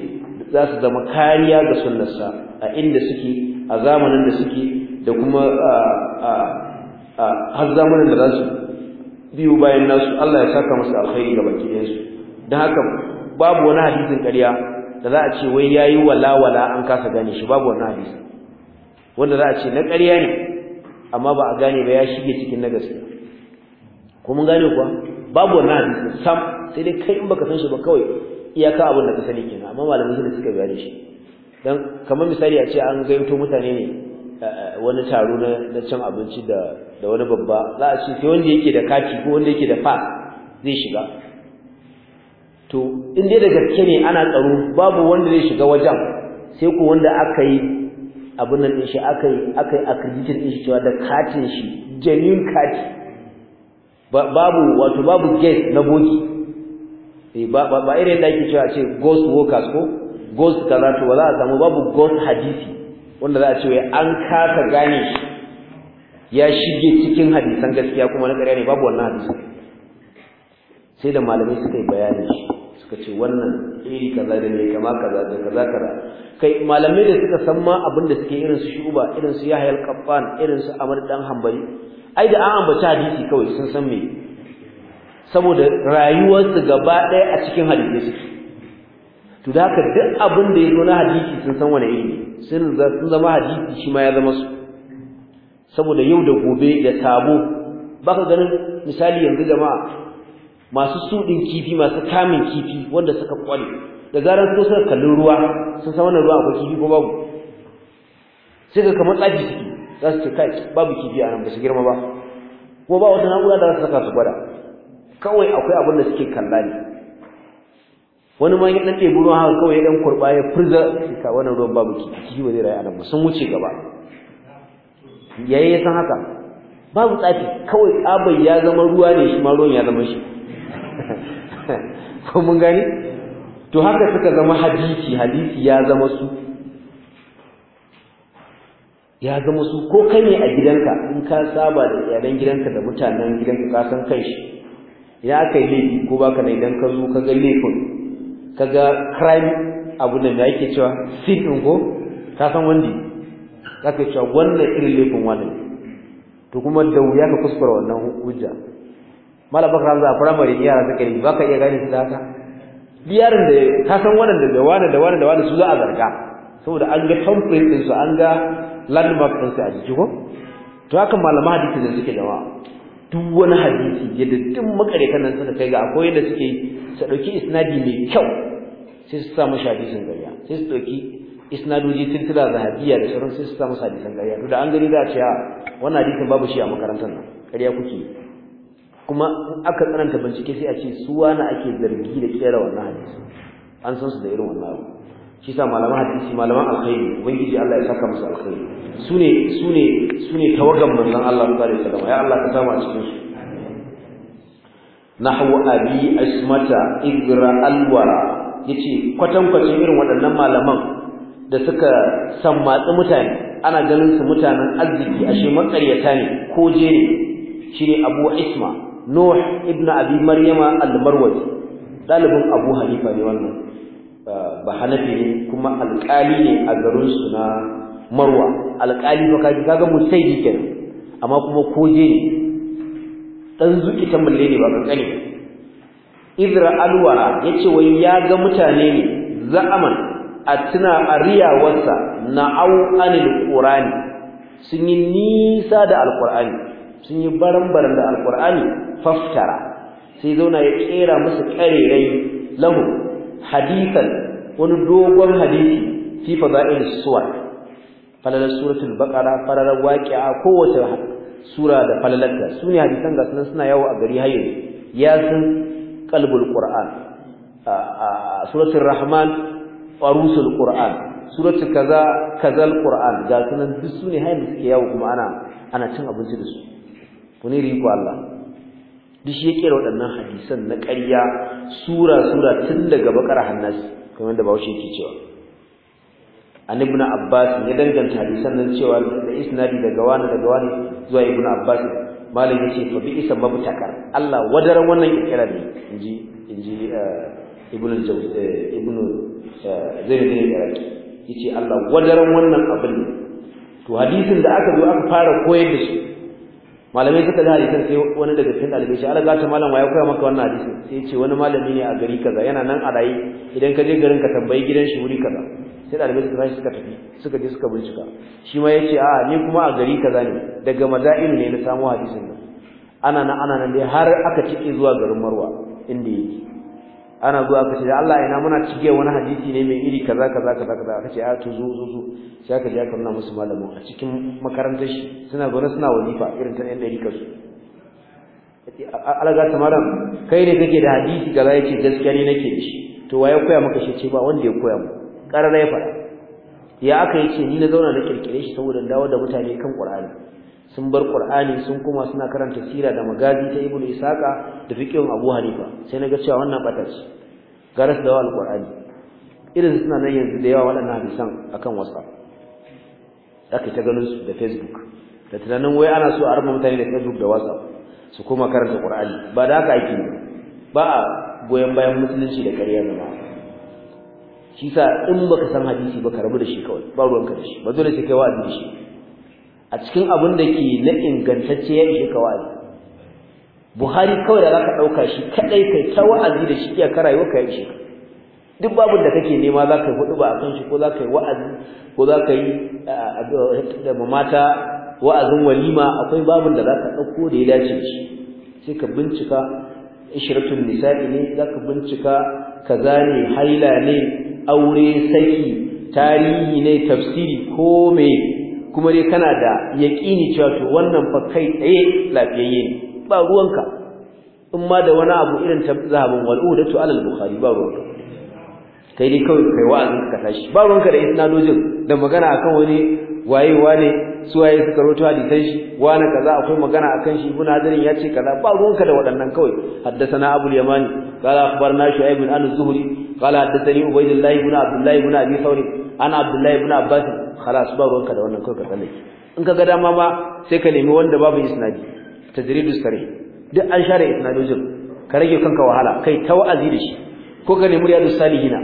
za su zama kariya ga sunnarsa a inda suke a zamanin da suke da kuma a har zamanin da zasu su biyu bayan nasu Allah ya saka musu alkhairi ga baki ɗayansu dan haka babu wani hadisin ƙarya da za a ce wai yayi walawala an kasa gane shi babu wani hadisi wanda za a ce na ƙarya ne amma ba a gane ba ya shige cikin na gaskiya ko mun gane kuwa babu wannan hadisi sam sai dai kai in baka san shi ba kawai iyaka abin da ka sani kenan amma malamai sun da suka gane shi dan kamar misali a ce an gaito mutane ne eh, wani taro na cin abinci da da wani babba za a ce sai wanda yake da kati ko wanda yake da fa zai shiga to in dai da gaske ne ana tsaro babu wanda zai shiga wajen sai ko wanda aka yi abin nan shi aka yi aka yi accredited din shi cewa da katin shi genuine kati babu wato babu gate na boki eh ba ba irin da yake cewa ce ghost workers ko ghost kaza to wala a samu babu ghost hadisi wanda za a ce an kasa gane shi ya shige cikin hadisan gaskiya kuma na ƙarya ne babu wannan hadisi sai da malamai suka yi bayani shi suka ce wannan iri eh, kaza da ne kama kaza da kaza kaza kai malamai da suka san ma abin da suke irin su shuba irin su Yahayal al-qaffan irin su amr dan hanbali ai da an ambaci hadisi kawai sun san me saboda su gaba ɗaya a cikin hadisi suke to da haka duk abin da ya zo na hadisi sun san wani iri sun zama hadisi shi ma ya zama su saboda yau da gobe da sabo baka ganin misali yanzu jama'a masu sudin kifi masu kamin kifi wanda suka kware da zaran su suka kallon ruwa sun san wannan ruwa akwai kifi ko babu sai ga kamar tsafi suke za su ce kai babu kifi a nan ba su girma ba ko ba wata na'ura da za su saka su gwada kawai akwai abin da suke kalla ne wani ma ya dan ɗebi ruwan haka kawai ya dan kurɓa ya furza ka wannan ruwan babu kifi ba zai rayu a nan ba sun wuce gaba yayi ya san haka babu tsafi kawai tsabai ya zama ruwa ne shi ma ruwan ya zama shi [LAUGHS] ko mun gani to haka suka zama hadisi hadisi ya zama su ya zama su ko kai ne a gidanka in ka saba da iyalan gidanka da mutanen gidanka ka san kai shi idan aka yi laifi ko baka ne idan ka zo ka ga laifin ka ga crime abu da da yake cewa sin din ko ka san wanda za ka cewa wannan irin laifin wani to kuma da wuya ka kuskura wannan hujja malaba kan za primary ne yara suka yi baka iya gane su da haka biyarin da ka san wannan da wani da wani da wani su za a zarga saboda an ga template din su an ga landmark din su a jiki ko to haka malama hadisi da suke dawa duk wani hadisi yadda duk makaretan nan suka kai ga akwai yadda suke su dauki isnadi mai kyau sai su samu mashi hadisin gariya sai su dauki isnadoji tiltila zahabiya da sauran sai su samu mashi hadisin gariya to da an gari za a ce ah, wannan hadisin babu shi a makarantar nan ƙarya kuke kuma in aka tsananta bincike sai a ce su wani ake zargi da kera wannan hadisi an san su da irin wannan abu shi sa malaman hadisi malaman alkhairi ubangiji Allah ya saka musu alkhairi ne su ne tawagan manzon Allah sallallahu alaihi wasallam ya Allah ka samu a cikin su nahwu abi asmata ibra alwara yace kwatan kwatan irin waɗannan malaman da suka matsu mutane ana ganin su mutanen arziki ashe maƙaryata ne ko jere ne abu isma nuh ibn abi maryama al-marwazi dalibin abu hanifa ne wannan ah, ba hanafi ne kuma alƙali ne a garin suna na marwa alƙali fa kaji kaga musaidi kenan amma kuma koje ne dan zuki ta mulle ne ba kankani idra alwara yace wai ya ga mutane ne za'aman a tuna ariyawarsa na'au anil qur'ani sun yi nisa da alqur'ani sun yi baran-baran da alkur'ani faftara sai zauna ya kera musu karerai lahu hadisan wani dogon hadisi fi fada'il suwar falalar suratul baqara falalar waqi'a kowace sura da falalarta sune hadisan ga sunan suna yawo a gari hayo ya sun qalbul qur'an suratul rahman warusul qur'an suratul kaza kazal qur'an ga sunan duk sune hayo suke yawo kuma ana ana cin abinci da su kuni riko Allah duk shi ya kera waɗannan hadisan na ƙarya sura sura tun daga bakara hannas kamar da wuce yake cewa an ibn abbas ya danganta hadisan nan cewa da isnadi daga wani daga wani zuwa ibn abbas malam yace fa bi isa mabtakar Allah wadaran wannan kira ne inji inji eh, ibn eh, ibn eh, zaid ne. kira yace Allah wadaran wannan abin to hadisin da aka zo aka fara koyar da shi malamai suka da hadisin sai wani daga cikin dalibai shi Allah gata malam ya koya maka wannan hadisin sai ya ce wani malami ne a gari kaza yana nan a rayi idan ka je garin ka tambayi gidan shi wuri kaza sai dalibai suka tashi suka tafi suka je suka bincika shi ma yace a ni kuma a gari kaza ne daga maza'il ne na samu hadisin nan ana nan ana nan dai har aka cike zuwa garin Marwa inda yake ana zuwa aka ce da Allah ina muna cike wani hadisi ne mai iri kaza kaza kaza kaza aka ce a tuzu zo sai ka ja aka musu malamu a cikin makarantar shi suna gona suna wazifa irin ta ɗan ɗari kasu alaga samaran kai ne kake da hadisi kaza yake gaskiya ne nake shi to waye koya maka shi ce ba wanda ya koya mu karara ya faɗa ya aka yace ni na zauna na kirkire shi saboda dawo da mutane kan Qur'ani sun bar qur'ani sun kuma suna karanta sira da magazi ta ibnu isaqa da fiqhun abu hanifa sai naga cewa wannan bata ce garas da qur'ani irin suna nan yanzu da yawa waɗannan hadisan akan whatsapp zaka ta ganin su da facebook da tunanin wai ana so a rubuta mutane da facebook da whatsapp su kuma karanta qur'ani ba da haka ake ba a goyen bayan musulunci da ƙarya jama'a shi sa in baka san hadisi ba ka rabu da shi kawai ba ruwanka da shi ba dole sai kai wa'azi da shi a cikin abin da ke na ingantacce ya shi ka wa'azi buhari kawai da za ka ɗauka shi kaɗai kai ta wa'azi da shi iya kara yau ka ya shi duk babin da kake nema za ka yi hudu ba a kan shi ko za ka yi wa'azi ko za ka yi da mata wa'azin walima akwai babin da za ka ɗauko da ya dace shi sai ka bincika ishiratun nisa'i ne za ka bincika kaza ne haila ne aure saki tarihi ne tafsiri ko me kuma dai kana da yaƙini cewa to wannan fa kai tsaye lafiyayye ne ba ruwanka in ma da wani abu irin ta zahabin wal'udatu alal bukhari ba ruwanka kai dai kawai kai wa'azin ka tashi ba ruwanka da isnadojin da magana akan wani waye wane su waye suka rawaito hadisan shi wani kaza akwai magana akan shi ibn hadarin ya ce kaza ba ruwanka da waɗannan kawai haddathana abul yamani qala akhbarna shu'aib bin al-zuhri qala haddathani ubaydullah ibn abdullah ibn abi thawr ana abdullah ibn abbas khalas ba ruwanka da wannan kai ka tsallake in ka ga dama ma sai ka nemi wanda babu isnadi tajridu sari duk an share isnadojin ka rage kanka wahala kai ta wa'azi da shi ko ka nemi riyadu salihina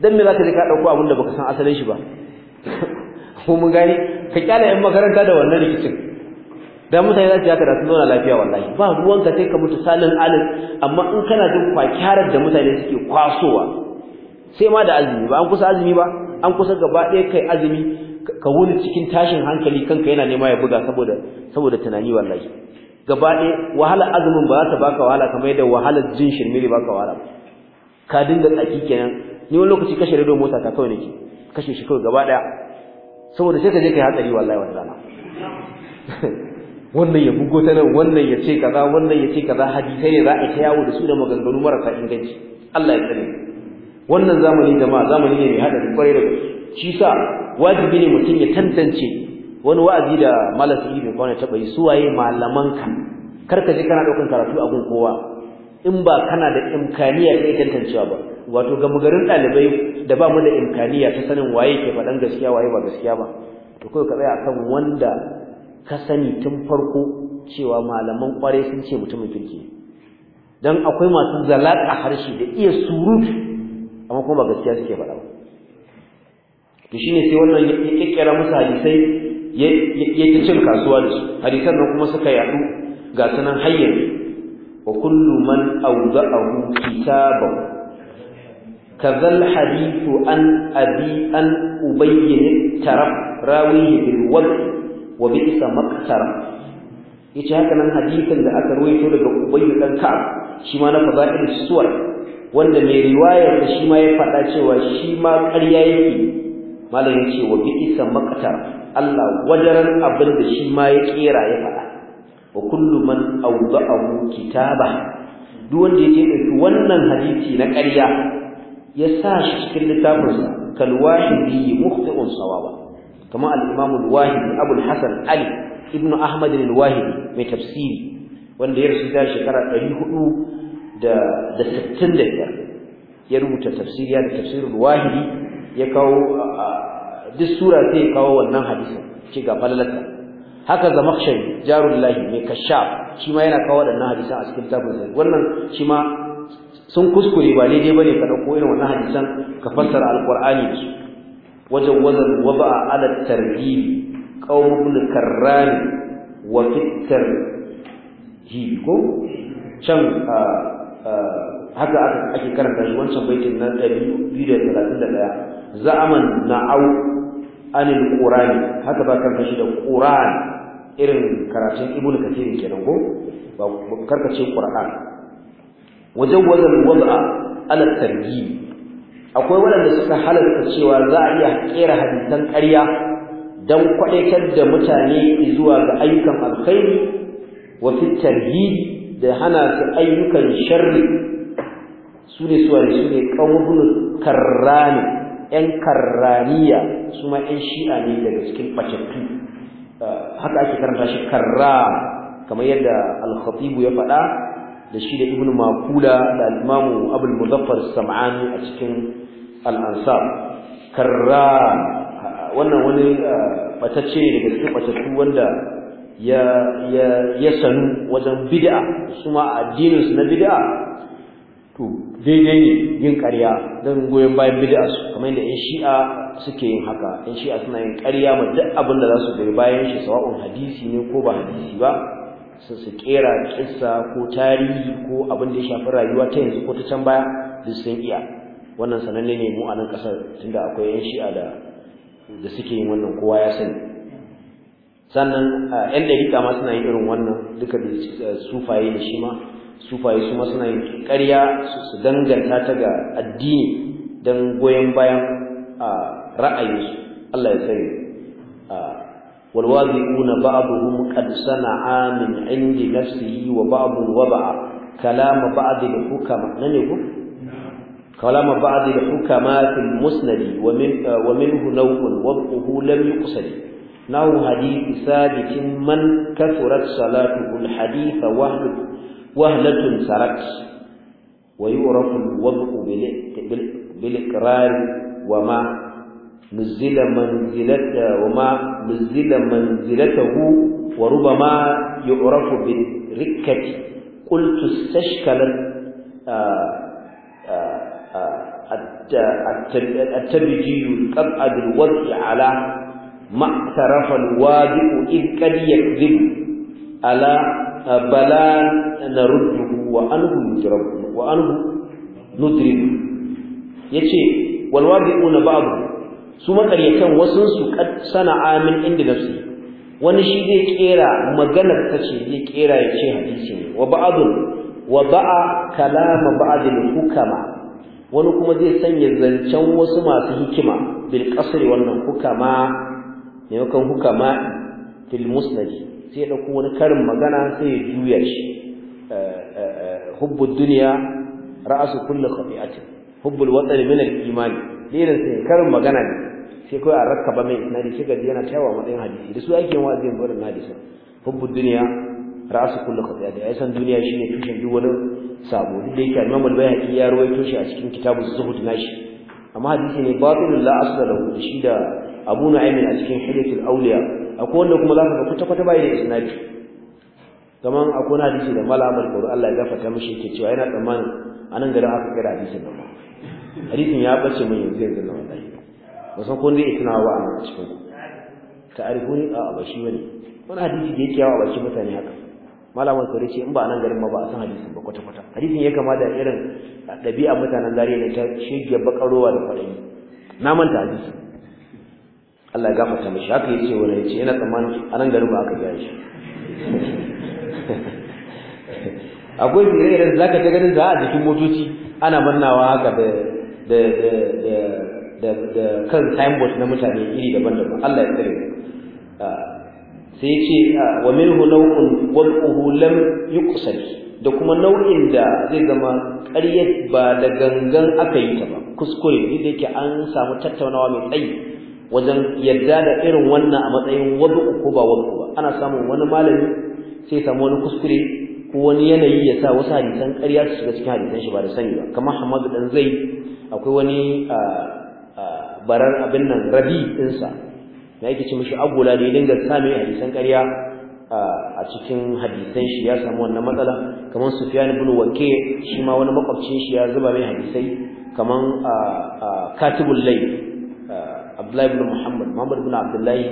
dan me zaka je ka dauko abin da baka san asalin shi ba ko mun gani ka kyale yan makaranta da wannan rikicin dan mutane za su yaka da sun zauna lafiya wallahi ba ruwanka sai ka mutu salin alin amma in kana jin kwakyarar da mutane suke kwasowa sai ma da azumi ba an kusa azumi ba an kusa gaba ɗaya kai azumi ka wuni cikin tashin hankali kanka yana nema ya buga saboda saboda tunani wallahi gaba ɗaya wahala azumin ba za ta baka wahala kamar yadda wahala jin shirme ne baka wahala ka dinga tsaki kenan ni wani lokaci kashe rediyo mota ta kawai nake kashe shi kawai gaba ɗaya saboda sai ka je kai hatsari wallahi wannan rana [LAUGHS] wannan ya bugo ta nan wannan ya ce kaza wannan ya ce kaza hadisai ne za a yi ta yawo da su da maganganu marasa inganci Allah ya tsare wannan zamani jama'a zamani ne mai hadarin kwarai da gaske shi sa wajibi ne mutum ya tantance wani wa'azi da malam sahibi bai kwana taba yi suwaye malaman ka kar ka ji kana daukan karatu a gun kowa in ba kana da imkaniya ta tantancewa ba wato ga mugarin dalibai da ba mu da imkaniya ta sanin waye ke faɗan gaskiya waye ba gaskiya ba to kai ka tsaya akan wanda ka sani tun farko cewa malaman kwarai sun ce mutumin kirki dan akwai masu zalaka harshe da iya surutu amma kuma gaskiya suke faɗa ba to shine sai wannan ya kikkira musu hadisai ya ta cin kasuwa da su hadisan nan kuma suka yaɗu ga sanan hayyar wa kullu man awda'ahu kitabahu kazal hadithu an abi an ubayyin taraf rawihi bil wad wa bi maqtara yace haka nan da aka ruwaito daga ubayyin dan ka shi ma na fadail suwar wanda mai riwayar da shi ma ya faɗa cewa shi ma ƙarya yake malam ce wa bi isa makata Allah wajaran abin da shi ma ya kera ya faɗa wa kullu man awda'ahu kitaba duk wanda ya da wannan hadisi na ƙarya ya sa shi cikin littafinsa kal wahidi mukhti'un sawaba kamar al-imam al-wahidi Abu al-Hasan Ali ibnu Ahmad al-Wahidi mai tafsiri wanda ya rasu da shekara 400 da da 65 ya rubuta tafsiriya da tafsirul wahidi ya kawo duk sura sai ya kawo wannan hadisin ci ga falalata haka zamakhshari jarullahi mai kashaf shi ma yana kawo wadannan hadisan a cikin tabbatar wannan shi ma sun kuskure ba daidai bane ka dauko irin wannan hadisan ka fassara alqur'ani da su wajen wajen waba'a ala targhib qaum ibn karrani wa fitar ko can Eh, haka aka ake karanta shi wancan baitin na ɗaya, za'aman na'au anil qur'ani haka ba karanta shi da qur'an irin karatun ibnu kathir kenan ko ba karkace qur'an wajen al-wad'a ala targhib akwai waɗanda suka halarta cewa za a iya kera hadisan ƙarya don kwaɗaitar da mutane zuwa ga ayyukan alkhairi wa fi targhib da hana su ayyukan sharri su ne ne su ne ƙaunin karrani ‘yan karraniya su ma ‘yan shi'a ne daga cikin ɓacattu ah, haka ake karanta shi karra kamar yadda alkhatibu ya faɗa da shi da ibnu makula da al'imamu abul muzaffar sam'ani a cikin al'ansar karra ah, wannan wani ah, ɓatacce ne daga cikin ɓacattu wanda ya sanu wajen bid'a su ma addinin su na bid'a to daidai ne yin ƙarya don goyon bayan bid'a su kamar yadda yan shi'a suke yin haka yan shi'a suna yin ƙarya ma duk abin da za su goyi bayan shi sawa'un hadisi ne ko ba hadisi ba su su kera kissa ko tarihi ko abin da ya shafi rayuwa ta yanzu ko ta can baya duk sun iya wannan sananne ne mu a nan ƙasar tunda akwai yan shi'a da da suke yin wannan kowa ya sani sannan yan dariƙa ma suna yin irin wannan duka da eh, sufaye da shi ma sufaye su ma suna yin ƙarya su danganta ta ga addini don goyon bayan ra'ayinsu Allah ya tsare والواضعون بعضهم قد صنع من عند نفسه وبعض وضع كلام بعض الحكماء ننه كلام بعض الحكماء في المسند ومن ومنه نوع وضعه لم يقصد نو حديث ثابت من كثرت صلاته الحديث وهل وهلة سرت ويعرف الوضع بالإقرار وما نزل منزلته وما نزل منزلته وربما يعرف بالركة قلت استشكل آه، آه، آه، التبجي القطع بالوضع على ma'tarafa alwadi'u in qad yakzib ala bala naruddu wa anhu nudrab wa anhu nudrib yace na ba'd su kan wasun su sana sana'a inda nafsi wani shi zai kera maganar ta ce zai kera ya ce hadisi ne wa ba'dun wa ba'a kalama ba'dil hukama wani kuma zai sanya zancen wasu masu hikima bil qasri wannan hukama maimakon hukama fil musnad sai ya dauko wani karin magana sai ya juya shi eh, eh, eh, hubbud dunya ra'su kulli khati'atin hubbul watan min al iman lirin sai karin magana ne sai kai a rakkaba mai na shi gaji yana tayawa dan hadisi da su ake yin wa'azin barin hadisi hubbud dunya ra'su kulli khati'atin ai san duniya shine tushen duk wani sabo duk da yake Imam al-Bayhaqi ya ruwaito shi a cikin kitabuz zuhud nashi amma hadisi ne batilul la asla lahu shi da abu nu'aymin a cikin hadithul awliya akwai wanda kuma zaka ga kwata kwata bai da isnadi kaman akwai hadisi da malamar qur'an Allah ya gafarta mishi yake cewa yana tsammanin anan garin aka kira hadisin nan hadisin ya bace mun yanzu yanzu na wallahi ba san ko ne tuna wa anan cikin ta'arifuni a abashi bane wani hadisi da yake yawa a bakin mutane haka malamar sauri ce in ba nan garin ma ba a san hadisin ba kwata kwata hadisin ya kama da irin ɗabi'a mutanen zariya ne ta shege bakarowa da kwaɗayi na manta hadisi Allah ya gafarta mishi haka wa wani ce yana tsammanin a nan garin ba aka gaya shi [LAUGHS] akwai tsire-tsiren da zaka ta ganin za a jikin motoci ana mannawa haka da da da da kan signboard na mutane iri daban-daban Allah ya tsare ah, sai ya ce ah, wa minhu naw'un wad'uhu lam yuqsal da kuma nau'in da zai zama ƙaryar ba da gangan aka yi ta ba kuskure ne da yake an samu tattaunawa mai tsayi wajen yadda da irin wannan a matsayin wadu ko ba wadu ba ana samun wani malami sai samu wani kuskure ko wani yanayi ya sa wasu hadisan karya su shiga cikin hadisan shi ba da sani ba kamar Hamad dan zai akwai wani barar abin nan rabi ɗinsa na yake ce mishi agula da ya dinga sami hadisan ƙarya a cikin hadisan shi ya samu wannan matsala kamar Sufyan ibn Wakil shi ma wani makwabcin shi ya zuba mai hadisai kamar katibul layl Abdullahi ibn Muhammad Muhammad ibn Abdullahi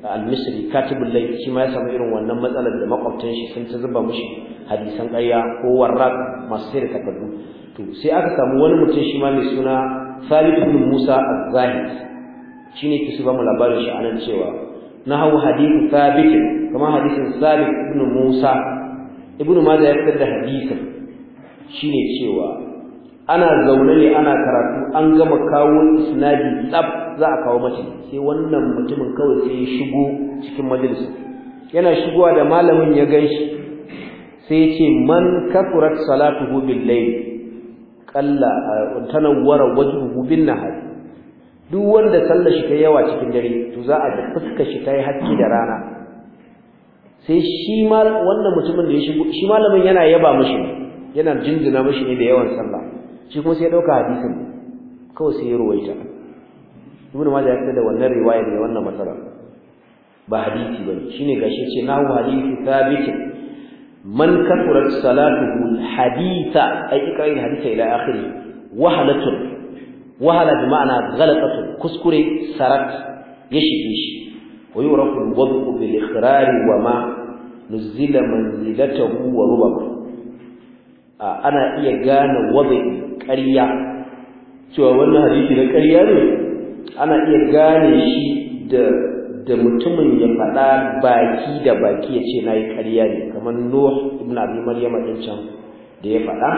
al-Misri katibul layl shi ma ya samu irin wannan matsalar da makwabtan shi sun ta zuba mishi hadisan ƙarya ko warraq masu sai da takardu to sai aka samu wani mutum shi ma mai suna Thabit ibn Musa al zahid shine ke su mu labarin shi anan cewa hau hadith Thabit kuma hadisin Thabit ibn Musa ibn Majah ya fitar da hadisin shine cewa ana zaune ne ana karatu an gama kawo isnadi tsab za a kawo mace sai wannan mutumin kawai sai ya shigo cikin majalis yana shigowa da malamin ya gaishe sai ya ce man kafurat salatuhu bil layl qalla eh, tanawwara wajhuhu bin nahar duk wanda sallar shi kai yawa cikin dare to za a ga fuskar shi ta yi hakki da rana sai shi ma wannan mutumin da ya shigo shi malamin yana yaba mishi yana jinjina mishi ne da yawan sallah shi kuma sai ya dauka hadisin kawai sai ya ruwaita ibn majah ya da wannan riwaya ne wannan masala ba hadisi bane shine gashi ce nahu hadisi thabit man kathurat salatuhu haditha ay ikrarin haditha ila akhiri wahalatun wahala bi ma'ana ghalatatun kuskure sarat ya shige shi wa yurafu al-wad'u bil ikhrar wa ma nuzila manzilatahu wa rubama ana iya gane wadai ƙarya cewa wannan hadisi na ƙarya ne ana iya gane shi da da mutumin ya faɗa baki da baki ya ce na yi ƙarya ne kamar nuh ibn abi maryama ɗin can da ya faɗa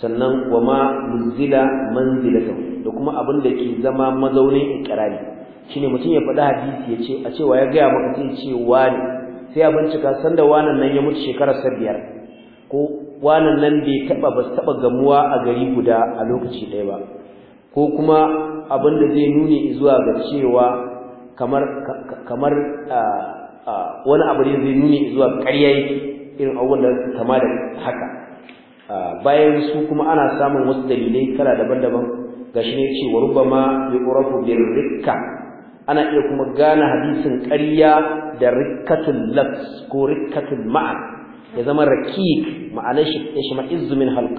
sannan wa ma muzila manzilatahu da kuma abin da ke zama mazaunin ikrari shine mutum ya faɗa hadisi ya ce a cewa ya gaya maka sai ce wani sai a bincika sanda wanan nan ya mutu shekarar sabiyar ko wanan nan bai taɓa ba taɓa gamuwa a gari guda a lokaci ɗaya ba ko kuma abin da zai nuni zuwa ga cewa kamar kamar wani abu ne zai nuni zuwa ƙarya irin abubuwan da kama da haka bayan su kuma ana samun wasu dalilai kala daban-daban ga shi ne ce wa rubama ƙorafu bil rikka ana iya kuma gane hadisin ƙarya da rikkatun lafs ko rikkatun ma'an ya zama rakik ma'anar shi izumin min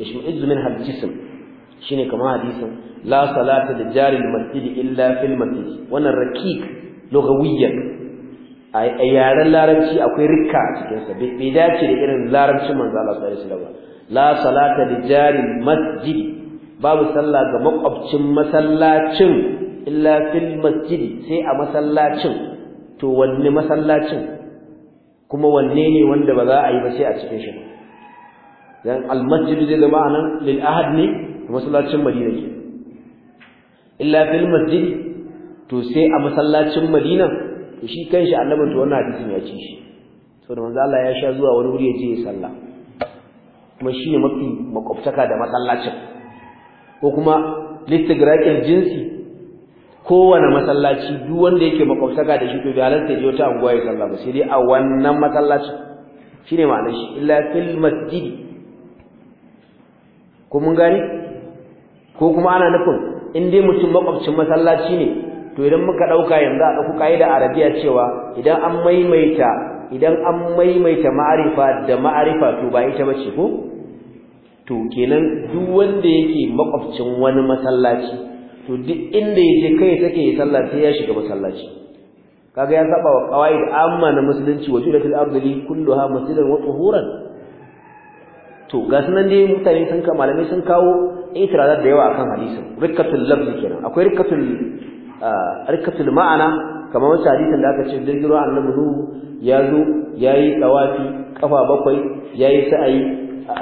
ya shima izumin haljism shine kamar hadisin la salata da jari masjid illa fil masjid wannan rakik lugawiyyan a yaren larabci akwai rikka a cikin bai dace da irin larabcin manzo Allah sallallahu alaihi wasallam la salata da jari masjid babu sallah ga makwabcin masallacin illa fil masjid sai a masallacin to wanne masallacin kuma wanne ne wanda ba za a yi ba sai a cikin shi dan al masjid zai zama anan lil ahad ne masallacin madina ke illa fil masjid to sai a masallacin madina to shi kanshi Annabi to wannan hadisin ya ci shi da manzo Allah ya sha zuwa wani wuri ya je ya salla, kuma shi ne mafi makwabtaka da masallacin ko kuma litigrakin jinsi kowane masallaci duk wanda yake makwabtaka da shi to da halarta ya je wata anguwa ya salla, ba sai dai a wannan masallacin shine ma'anar shi illa fil masjid ko mun gane ko kuma ana nufin in mutum makwabcin masallaci ne to idan muka dauka yanzu a dauku kaida arabiya cewa idan an maimaita idan an maimaita ma'arifa da ma'arifa to ba ita bace ko to kenan duk wanda yake makwabcin wani masallaci to duk inda yake kai take ya sallah sai ya shiga masallaci kaga ya saba wa qawaid amma na musulunci wajudatul abdi kulluha masjidan wa tuhuran to ga nan dai mutane sun ka malamai sun kawo itirazat da yawa akan hadisin rikatul lafzi kenan akwai rikatul rikatul ma'ana kamar wancan hadisin da aka ce jirgin ruwa annabi nuhu ya zo ya yi tsawafi kafa bakwai ya yi sa'ayi a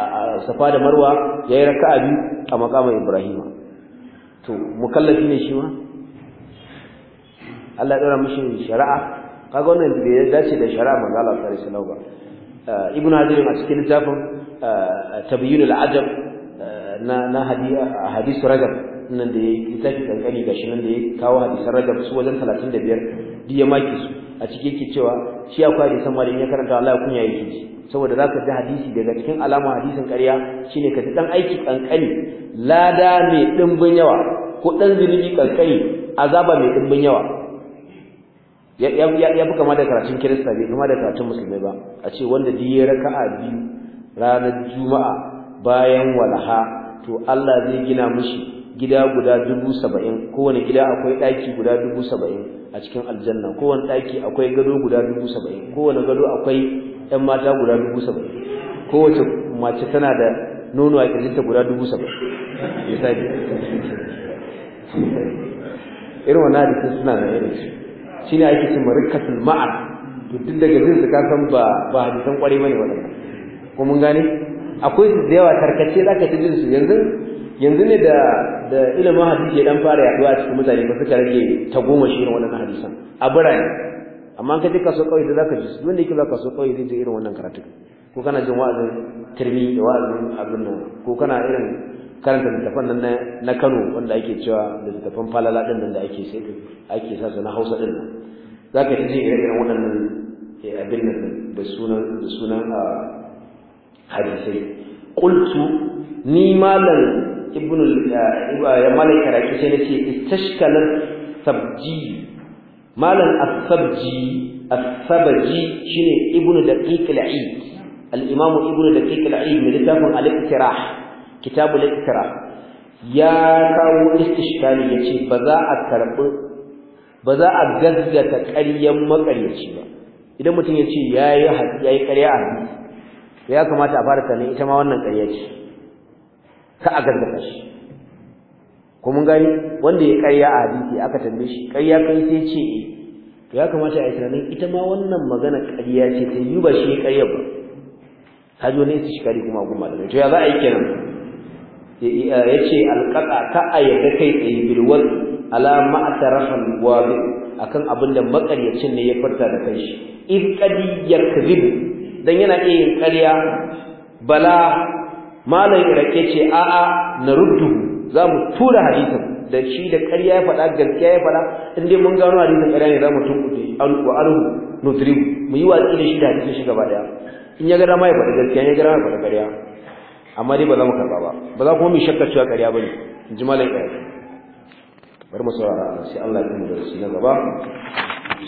safa da marwa ya yi raka'a biyu a makama ibrahima to mukallafi ne shi ma Allah ya dora mishi shari'a kaga wannan bai dace da shari'a manzo Allah sallallahu alaihi wasallam ba ibnu hajar a cikin littafin tabyinul ajab na na hadisi ragab nan da yake tafi kankani gashi nan da ya kawo hadisan ragab su wajen 35 da ya maki su a cikin yake cewa shi akwai hadisan ma da in ya karanta Allah kunya yake ji saboda zaka ji hadisi daga cikin alama hadisin ƙarya shine ka ji dan aiki kankani lada mai dimbin yawa ko dan zunubi kankani azaba mai dimbin yawa ya fi kama da karatun kirista bai kama da karatun musulmai ba a ce wanda duk ya raka'a biyu ranar juma'a bayan walaha to Allah zai gina mushi gida guda dubu saba'in kowane gida akwai ɗaki guda dubu saba'in a cikin aljanna kowane ɗaki akwai gado guda dubu saba'in kowane gado akwai ‘yan mata guda dubu saba'in kowace mace tana da nono a ƙirjinta guda dubu saba'in misali irin wani hadisin suna da irin shi ne ake cin marikatul ma'ar to duk daga zai ka san ba hadisan ƙwarai bane waɗannan ko mun gane akwai su da yawa tarkace zaka ta jin su yanzu yanzu ne da da ilimin hadisi ya dan fara yaduwa a cikin mutane ba suka rage ta goma shi irin wannan hadisan a birane amma ka je kaso kauye da zaka ji su wanda yake ka so kauye zai je irin wannan karatu ko kana jin wa'azin tirmi da wa'azin abin nan ko kana irin karanta littafan nan na Kano wanda ake cewa da littafan falala din nan da ake sai ake sa su na Hausa din nan zaka ji irin wannan waɗannan eh, abin nan da sunan da sunan ah, hadisai qultu ni malam ibnu eh, ya malaka raki sai nace istashkalat sabji malam as-sabji as-sabji shine ibnu daqiq al-eid al-imam ibnu daqiq al-eid min littafin al-iktirah kitab al-iktirah ya kawo istishkali yace ba za a karbi ba za a gaggata ƙaryan makaryaci ba idan mutum ya ce ya yi ƙarya a to ya kamata a fara sanin ita ma wannan ƙarya ce ka a gargata shi ko mun gani wanda ya ƙarya a hadisi aka tambaye shi ƙarya kai sai ce eh. to ya kamata a yi tunanin ita ma wannan magana ƙarya ce sai yi ba shi ya ƙarya ba zo ne su kare kuma gun da to ya za a yi kenan ya ce alƙaƙa ka a yarda kai tsaye birwal ala ma'atarafan wabi akan abin da makaryacin ne ya furta da kai shi in qad yakzibu dan yana iya yin ƙarya bala malam irake ce a'a na ruddu za mu tura hadisin da shi da ƙarya ya faɗa gaskiya ya faɗa in dai mun gano hadisin ƙarya ne za mu tunkuɗe alƙur'anu nutrim mu yi watsi da shi da hadisin shi gaba ɗaya in ya ga ma ya faɗa gaskiya in ya gada ma ya faɗa ƙarya amma dai ba za mu karɓa ba ba za kuma mu shakka cewa ƙarya ba ne in ji malam irake bari mu saurara sai Allah ya kuma da shi na gaba